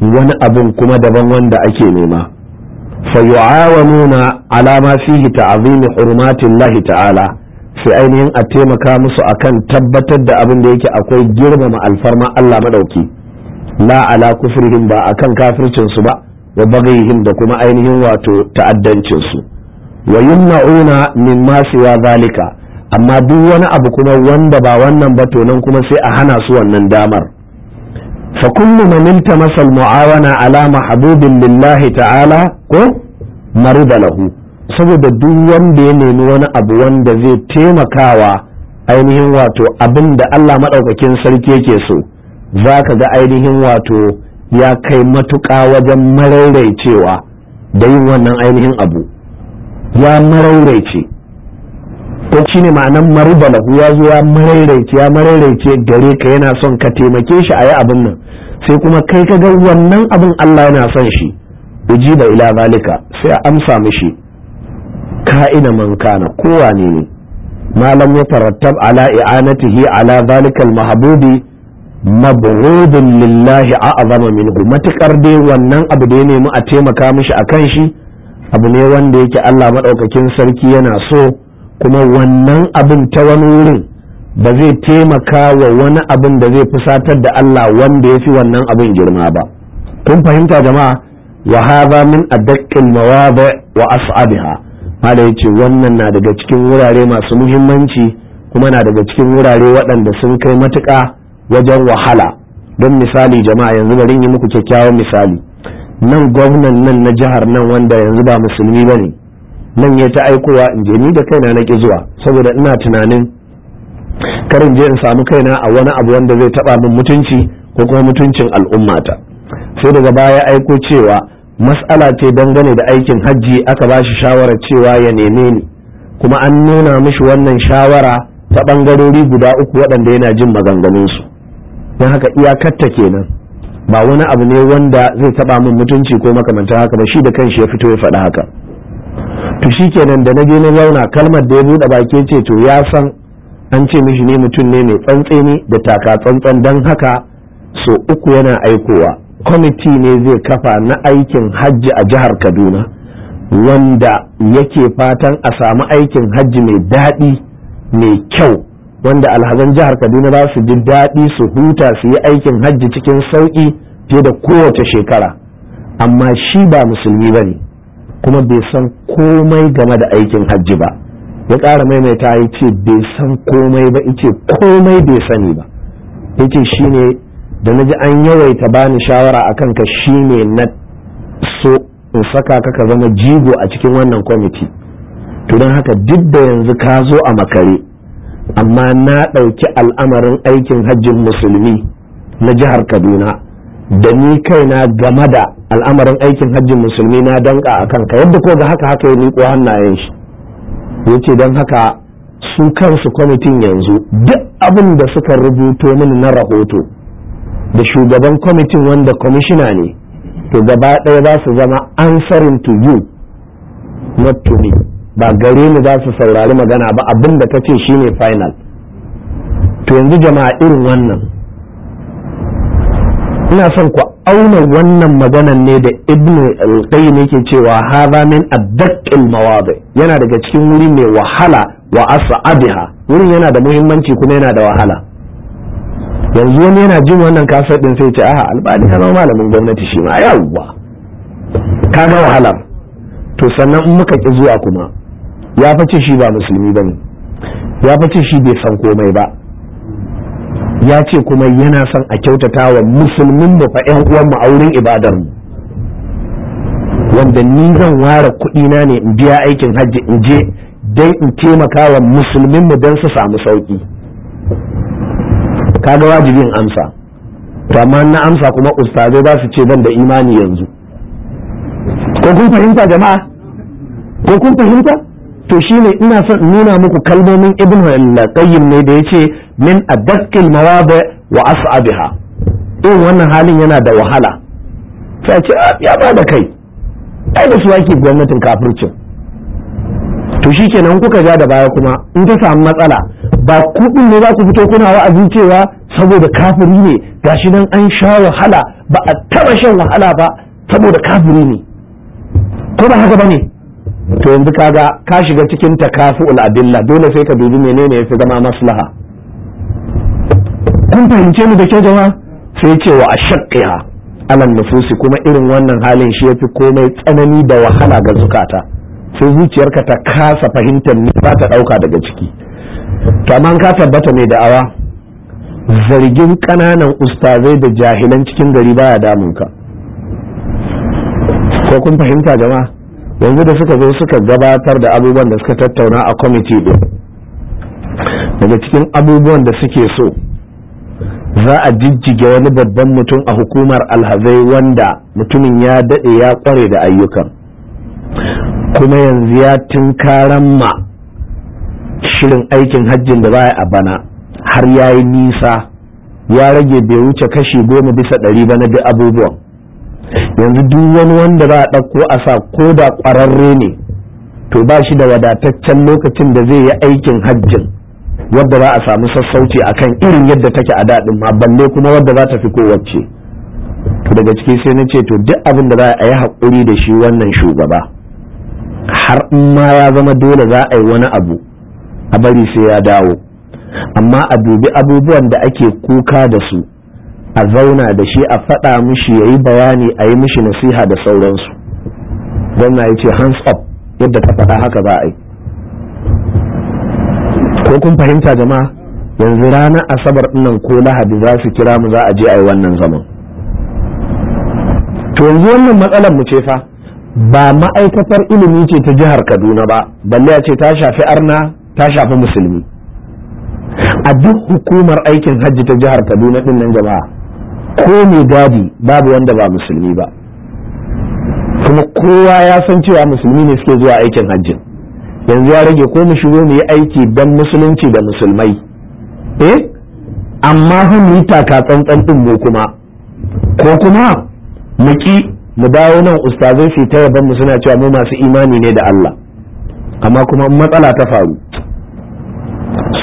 wani abin kuma daban wanda ake nema fa yu'awanuna ala ma fihi ta'zimi hurmatillahi ta'ala sai ainihin a taimaka musu akan tabbatar da abin da yake akwai girmama alfarma Allah madauki la ala kufrihim ba akan kafircin su ba wa bagayhim da kuma ainihin wato ta'addancin su wa yumna'una mimma siwa zalika amma duk wani abu kuma wanda ba wannan ba to nan kuma sai a hana su wannan damar fa kullu man iltamasa almu'awana ala mahbubin lillahi ta'ala ko marida lahu saboda duk wanda ya nemi wani abu wanda zai taimakawa ainihin wato abin da Allah maɗaukakin sarki yake so zaka ga ainihin wato ya kai matuƙa wajen cewa da yin wannan ainihin abu ya ce don shi ne ma'anan marubala ya zo ya mararaice ya mararaice gare ka yana son ka taimake shi a yi abin nan sai kuma kai ka ga wannan abin Allah yana son shi da ila zalika sai a amsa mishi ka'ina man kana kowane ne malam ya tarattab ala i'anatihi ala zalika al-mahbubi mabrudun lillahi a'zama min matukar dai wannan abu da ya nemi a taimaka mishi akan shi abu ne wanda yake Allah madaukakin sarki yana so kuma wannan abin ta wani wurin ba zai taimaka wa wani abin da zai fusatar da Allah wanda ya fi wannan abin girma ba kun fahimta jama'a wa hadha min mawa ba wa as'abiha mala yace wannan na daga cikin wurare masu muhimmanci kuma na daga cikin wurare waɗanda sun kai matuka wajen wahala don misali jama'a yanzu bari yi muku kyakkyawan misali nan gwamnan nan na jihar nan wanda yanzu ba musulmi bane nan ya ta aikowa in je ni da kaina na ƙi zuwa saboda ina tunanin karin je in samu kaina a wani abu wanda zai taba min mutunci ko kuma mutuncin al'ummata sai daga baya aiko cewa mas'ala ce dangane da aikin hajji aka ba shi shawarar cewa ya neme ni kuma an nuna mishi wannan shawara ta ɓangarori guda uku waɗanda yana jin maganganunsu don haka iyakarta kenan ba wani abu ne wanda zai taba min mutunci ko makamantar haka ba shi da kanshi ya fito ya faɗi haka to shi kenan da na je na zauna kalmar da ya buɗe baki ce to ya san an ce mishi ne mutum ne mai tsantseni da taka tsantsan don haka so uku yana aikowa kwamiti ne zai kafa na aikin hajji a jihar kaduna wanda yake fatan a samu aikin hajji mai daɗi mai kyau wanda alhazan jihar kaduna za su ji daɗi su huta su yi aikin hajji cikin sauƙi fiye da kowace shekara amma shi ba musulmi ba ne kuma bai san komai game da aikin hajji ba ya ƙara maimaita ya ce bai san komai ba ya ce komai bai sani ba ya ce shi ne da na ji an yawaita bani shawara a kanka shi ne na so in saka ka ka zama jigo a cikin wannan kwamiti to haka duk da yanzu ka zo a makare amma na ɗauki al'amarin aikin hajjin musulmi na jihar kaduna da ni kaina game da al'amarin aikin hajjin musulmi na danka a kanka yadda ko ga haka haka ya niko hannayen shi ya ce don haka su kansu kwamitin yanzu duk abin da suka rubuto mini na rahoto da shugaban kwamitin wanda kwamishina ne to gaba ɗaya za su zama answering to you not to me ba gare ni za su saurari magana ba abin da ka ce shine final to yanzu jama'a irin wannan ina son ku auna wannan maganan ne da ibn al-qayyim yake cewa hadha min al mawadi yana daga cikin wuri mai wahala wa as'adha wurin yana da muhimmanci kuma yana da wahala yanzu wani yana jin wannan kasar din sai ce aha albani kana malamin gwamnati shi ma yawwa ka ga wahala to sannan in muka ki zuwa kuma ya fice shi ba musulmi bane ya fice shi bai san komai ba ya ce kuma yana son a kyautata wa musulmin mu fa ƴan uwan mu a wurin ibadar mu wanda ni zan ware kuɗi na ne in biya aikin hajji in je dai in taimaka wa musulmin mu don su samu sauki kaga wajibin amsa to amma na amsa kuma ustazai za su ce ban da imani yanzu ko kun fahimta jama'a ko kun fahimta to shine ina son nuna muku kalmomin ibn al-qayyim ne da yace min adaqqil mawadi wa as'abiha in wannan halin yana da wahala ta ce ah, ya ba da kai ai da su ake gwamnatin kafircin to shi kenan kuka ja da baya kuma in ta samu matsala ba kuɗin ne za ku fito kuna wa'azi cewa saboda kafiri ne gashi nan an sha wahala ba a taba shan wahala ba saboda kafiri ne ko ba haka ne? to yanzu kaga ka shiga cikin takafu adilla dole sai ka dubi menene ya fi zama maslaha kun fahimce mu da kyau jama'a sai ce wa ashaqqiha alan nufusi kuma irin wannan halin shi yafi komai tsanani da wahala ga zukata sai zuciyarka ta kasa fahimtar ni za ta dauka daga ciki to amma ka tabbata mai da'awa zargin kananan ustazai da jahilan cikin gari baya ka. ko kun fahimta jama'a yanzu da suka zo suka gabatar da abubuwan da suka tattauna a kwamiti din daga cikin abubuwan da suke so za a jijjige wani babban mutum a hukumar alhazai wanda mutumin ya daɗe ya ƙware da ayyukan kuma yanzu ya tunkaran ma shirin aikin hajjin da baya a bana har ya yi nisa ya rage bai wuce kashi goma bisa ɗari ba na duk abubuwan yanzu duk wani wanda za a ɗauko a sa ko da ƙwararre ne to ba shi da wadataccen lokacin da zai yi aikin hajjin wadda za a samu sassauci a kan irin yadda take a daɗin ma balle kuma wadda za ta fi kowacce to daga ciki sai na ce to duk abin da za a yi haƙuri da shi wannan shugaba har in ma ya zama dole za a yi wani abu a bari sai ya dawo amma a dubi abubuwan da ake kuka da su a zauna da shi a faɗa mishi ya yi bayani a yi mishi nasiha da sauransu gwamna ya ce hands up yadda ta faɗa haka za a yi ko kun fahimta jama'a yanzu ranar asabar nan ko lahadi za su kira mu za a je a yi wannan zaman to yanzu wannan matsalar mu ce fa ba ma'aikatar ilimi ce ta jihar kaduna ba balle a ce ta shafi arna ta shafi musulmi a duk hukumar aikin hajji ta jihar kaduna din nan jama'a ko mai gadi babu wanda ba musulmi ba kuma kowa ya san cewa musulmi ne suke zuwa aikin hajjin yanzu ya rage ko mu shigo mu yi aiki dan musulunci da musulmai eh amma hun mu taka tsantsan din mu kuma ko kuma mu ki mu dawo nan ustazai su ta yaban mu suna cewa mu masu imani ne da Allah amma kuma matsala ta faru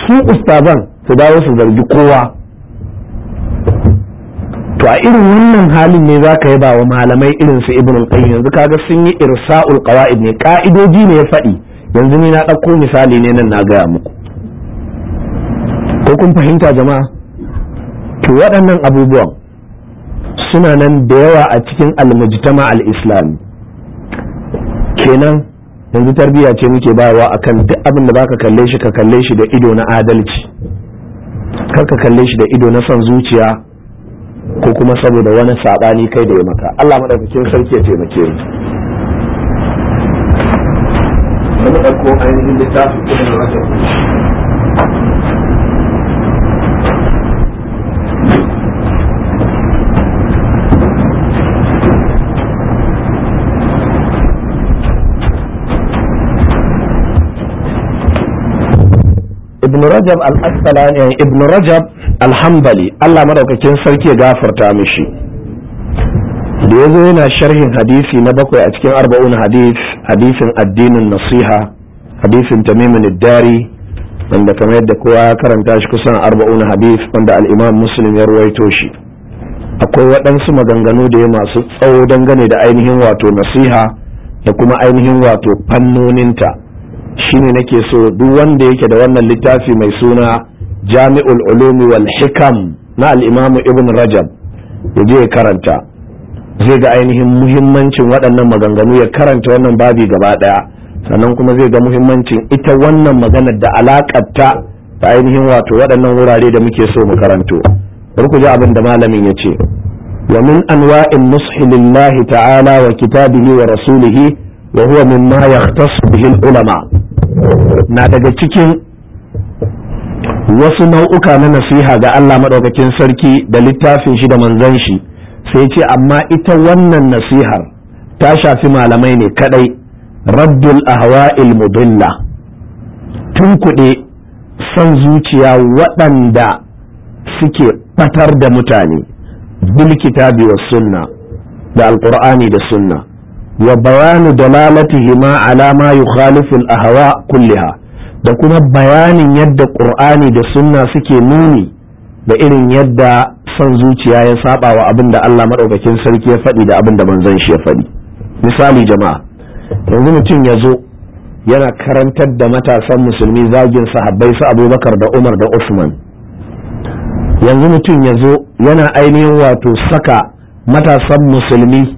su ustazan su dawo su zargi kowa to a irin wannan halin ne za ka yaba wa malamai irin su ibn al-qayyim yanzu kaga sun yi irsa'ul qawaid ne ka'idoji ne ya faɗi yanzu ni na ɗauko misali ne nan na gaya muku ko kun fahimta jama'a to waɗannan abubuwan suna nan da yawa a cikin almujtama al-islami kenan yanzu tarbiyya ce muke bayarwa akan duk abin da baka kalle shi ka kalle shi da ido na adalci kar ka kalle shi da ido na son zuciya ko kuma saboda wani saɓani kai da ya maka Allah madaukakin sarki ya taimake mu bari ɗauko ainihin littafin ibn rajab ibn rajab al-asqalani ibn rajab Allah madaukakin sarki ya gafarta mishi da zo yana sharhin hadisi na bakwai a cikin arba'un hadis hadisin addinin nasiha hadisin tamimin iddari wanda kamar yadda kowa ya karanta shi kusan arba'un hadis wanda al'imam musulun ya ruwaito shi akwai waɗansu maganganu da ya masu tsawo dangane da ainihin wato nasiha da kuma ainihin wato fannoninta shine nake so duk wanda yake da wannan littafi mai suna jami'ul ulumi wal hikam na al ibn rajab ya je karanta zai ga ainihin muhimmancin waɗannan maganganu ya karanta wannan babi gaba ɗaya sannan kuma zai ga muhimmancin ita wannan maganar da alaƙarta ta ainihin wato waɗannan wurare da muke so mu karanto bari ku ji abin da malamin ya ce wa min anwa'in nushi lillahi ta'ala wa kitabihi wa rasulihi wa huwa mimma yahtassu bihi ulama na daga cikin wasu nau'uka na nasiha ga Allah madaukakin sarki da littafin shi da manzon shi sai ce amma ita wannan nasihar ta shafi malamai ne kadai raddul ahwa'il mudilla tun kuɗe son zuciya waɗanda suke fatar da mutane bil kitabi wa sunna da alqur'ani da sunna wa bayanu dalalatihima ala ma yukhalifu al-ahwa kulliha da kuma bayanin yadda qur'ani da sunna suke nuni da irin yadda son zuciya ya saba wa abin da Allah maɗaukakin sarki ya faɗi da abin da manzon shi ya faɗi misali jama'a yanzu mutum ya zo yana karantar da matasan musulmi zagin sahabbai su abubakar da umar da usman yanzu mutum ya zo yana ainihin wato saka matasan musulmi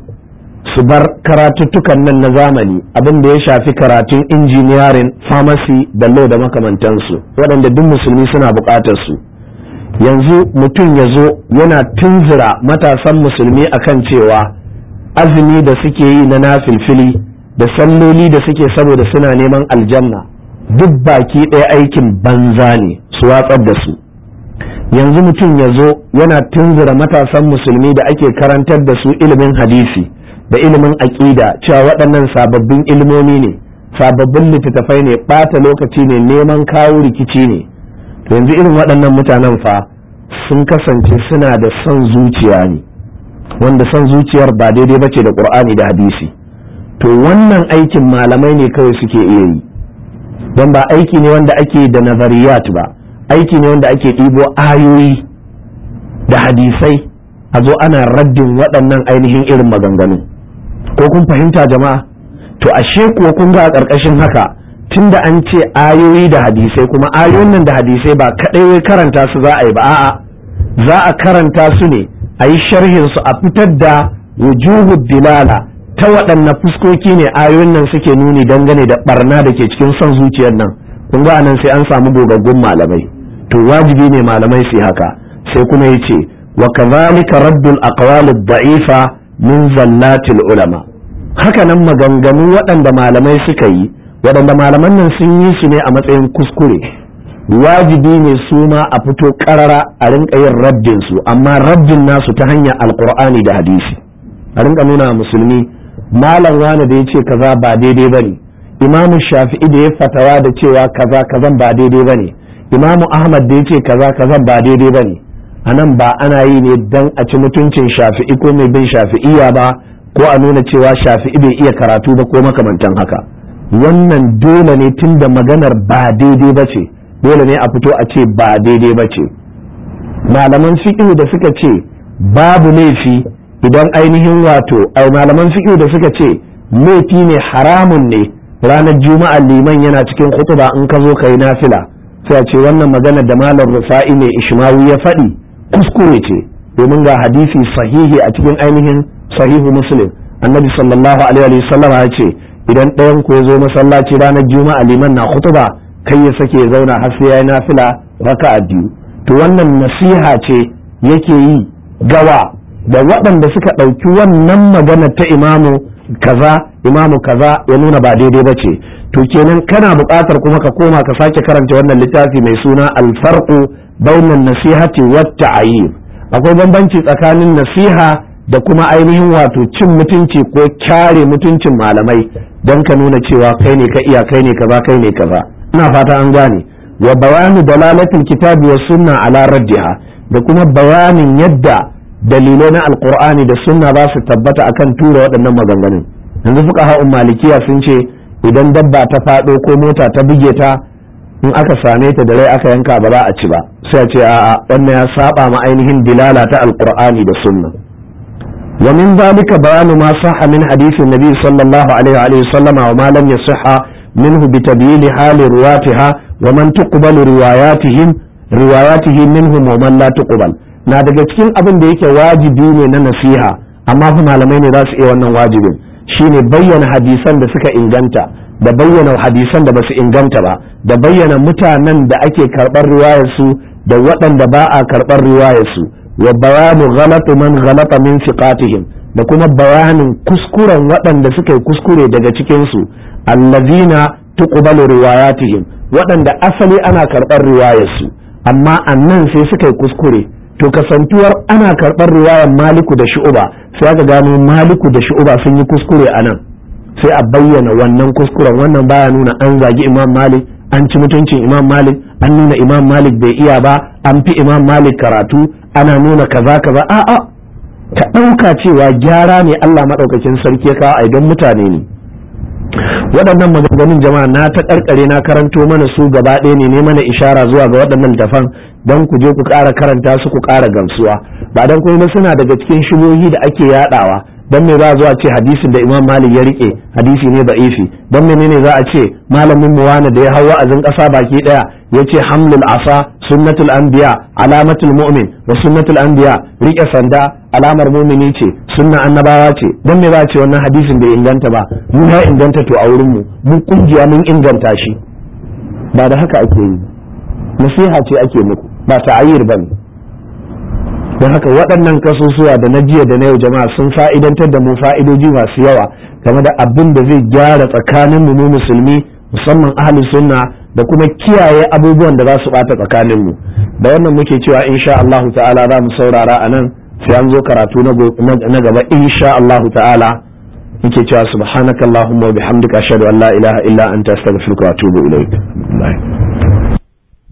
su bar karatuttukan nan na zamani abin da ya shafi karatun injiniyarin famasi da law da makamantansu waɗanda duk musulmi suna buƙatar su yanzu mutum ya zo yana tunzura matasan musulmi akan cewa azumi da suke yi na nafilfili da salloli da suke saboda suna neman aljanna duk baki ɗaya aikin banza ne su watsar da su yanzu mutum ya zo yana tunzura matasan musulmi da ake karantar da su ilimin hadisi da ilimin aƙida cewa waɗannan sababbin ilmomi ne sababbin littattafai ne ɓata lokaci ne neman kawo rikici ne yanzu irin waɗannan mutanen fa sun kasance suna da son zuciya ne wanda son zuciyar ba daidai ba ce da ƙur'ani da hadisi to wannan aikin malamai ne kawai suke iya yi don ba aiki ne wanda ake da nazariyat ba aiki ne wanda ake ɗibo ayoyi da hadisai a zo ana raddin waɗannan ainihin irin maganganu. ko kun fahimta jama'a to ashe kuwa kun ga a ƙarƙashin haka tunda an ce ayoyi da hadisai kuma ayoyin nan da hadisai ba kaɗai wai karanta su za a yi ba a'a za a karanta su ne a yi sharhin su a fitar da wujuhu dilala ta waɗanne fuskoki ne ayoyin nan suke nuni dangane da barna da ke cikin son zuciyar nan kun ga nan sai an samu gogaggun malamai to wajibi ne malamai su haka sai kuma ya ce wa kazalika raddul aqwal ad-da'ifa min zallatil ulama haka nan maganganu waɗanda malamai suka yi waɗanda malaman nan sun yi su ne a matsayin kuskure wajibi ne su ma a fito karara a rinƙa yin rabbin su amma rabbin nasu ta hanyar alkur'ani da hadisi a rinƙa nuna musulmi malam wani da ya ce kaza ba daidai ba ne imamu shafi'i da ya fatawa da cewa kaza kazan ba daidai ba ne imamu ahmad da ya ce kaza kazan ba daidai ba ne a nan ba ana yi ne dan a ci mutuncin shafi'i ko mai bin shafi'iya ba ko a nuna cewa shafi'i bai iya karatu ba ko makamantan haka wannan dole ne tun da maganar ba daidai ba ce dole ne a fito a ce ba daidai ba ce malaman fiƙihu da suka ce babu laifi idan ainihin wato a malaman fiƙihu da suka ce laifi ne haramun ne ranar juma'a liman yana cikin kutuba in ka zo ka yi nafila sai a ce wannan maganar da malam rufa'i ne ishmawu ya faɗi kuskure ce domin ga hadisi sahihi a cikin ainihin sahihu muslim annabi sallallahu alaihi wa sallam ya ce idan ɗayan ku ya zo masallaci ranar juma'a liman na khutba kai ya sake zauna har sai yayi nafila raka'a biyu to wannan nasiha ce yake yi gawa da waɗanda suka ɗauki wannan magana ta imamu kaza imamu kaza ya nuna ba daidai ba ce to kenan kana buƙatar kuma ka koma ka sake karanta wannan littafi mai suna alfarqu bainan nasihati wat ayi akwai bambanci tsakanin nasiha da kuma ainihin wato cin mutunci ko kyare mutuncin malamai don ka nuna cewa kai ne ka iya kai ne kaza kai ne kaza ina fata an gane wa bayanu dalalatin kitabi wa sunna ala raddiha da kuma bayanin yadda dalilai na alqur'ani da sunna za su tabbata akan tura waɗannan maganganun yanzu fuka ha'un malikiya sun ce idan dabba ta faɗo ko mota ta buge ta in aka same ta da rai aka yanka ba za a ci ba sai a ce a'a wannan ya saba ma ainihin dilala ta alqur'ani da sunna wa min zalika bayanu ma sahha min hadithin nabi sallallahu alaihi wa sallama wa ma lam yasihha minhu bi tabyin hali ruwatiha wa man tuqbalu riwayatihim riwayatihi minhum wa man la na daga cikin abin da yake wajibi ne na nasiha amma fa malamai ne za su iya wannan wajibin shine bayyana hadisan da suka inganta da bayyana hadisan da basu inganta ba da bayyana mutanen da ake karɓar riwayar su da waɗanda ba a karɓar riwayar su wa bayanu ghalatu man ghalata min fiqatihim da kuma bayanin kuskuren waɗanda suka yi kuskure daga cikin su allazina tuqbalu riwayatihim waɗanda asali ana karɓar riwayarsu amma annan sai suka yi kuskure to kasantuwar ana karɓar riwayar maliku da shu'uba sai aka gano maliku da shu'uba sun yi kuskure anan sai a bayyana wannan kuskuren wannan baya nuna an zagi imam malik an ci mutuncin imam malik an nuna imam malik bai iya ba an fi imam malik karatu ana nuna kaza kaza a'a ka ɗauka cewa gyara ne Allah maɗaukakin sarki ya kawo a idan mutane ne waɗannan maganganun jama'a na ta ƙarƙare na karanto mana su gaba ɗaya ne ne mana ishara zuwa ga waɗannan dafan don ku je ku ƙara karanta su ku ƙara gamsuwa ba don kuma suna daga cikin shigohi da ake yaɗawa dan me za a zo a ce hadisin da imam malik ya rike hadisi ne da ifi dan ne za a ce malamin mu da ya hau wa'azin kasa baki daya yace hamlul asa sunnatul anbiya alamatul mu'min wa sunnatul anbiya rike sanda alamar mu'mini ce sunna annabawa ce dan me za a ce wannan hadisin bai inganta ba mu ya inganta to a wurin mu mu kungiya mun inganta shi ba da haka ake yi nasiha ce ake muku ba ta ayyir bane don haka waɗannan kasusuwa da na jiya da na yau jama'a sun fa'idantar da mu fa'idoji masu yawa game da abin da zai gyara tsakanin mu musulmi musamman ahli sunna da kuma kiyaye abubuwan da za su bata tsakanin mu da wannan muke cewa insha Allah ta'ala za mu saurara a nan sai an zo karatu na gaba insha Allah ta'ala muke cewa subhanakallahumma wa bihamdika ashhadu an la ilaha illa anta astaghfiruka wa atubu ilaik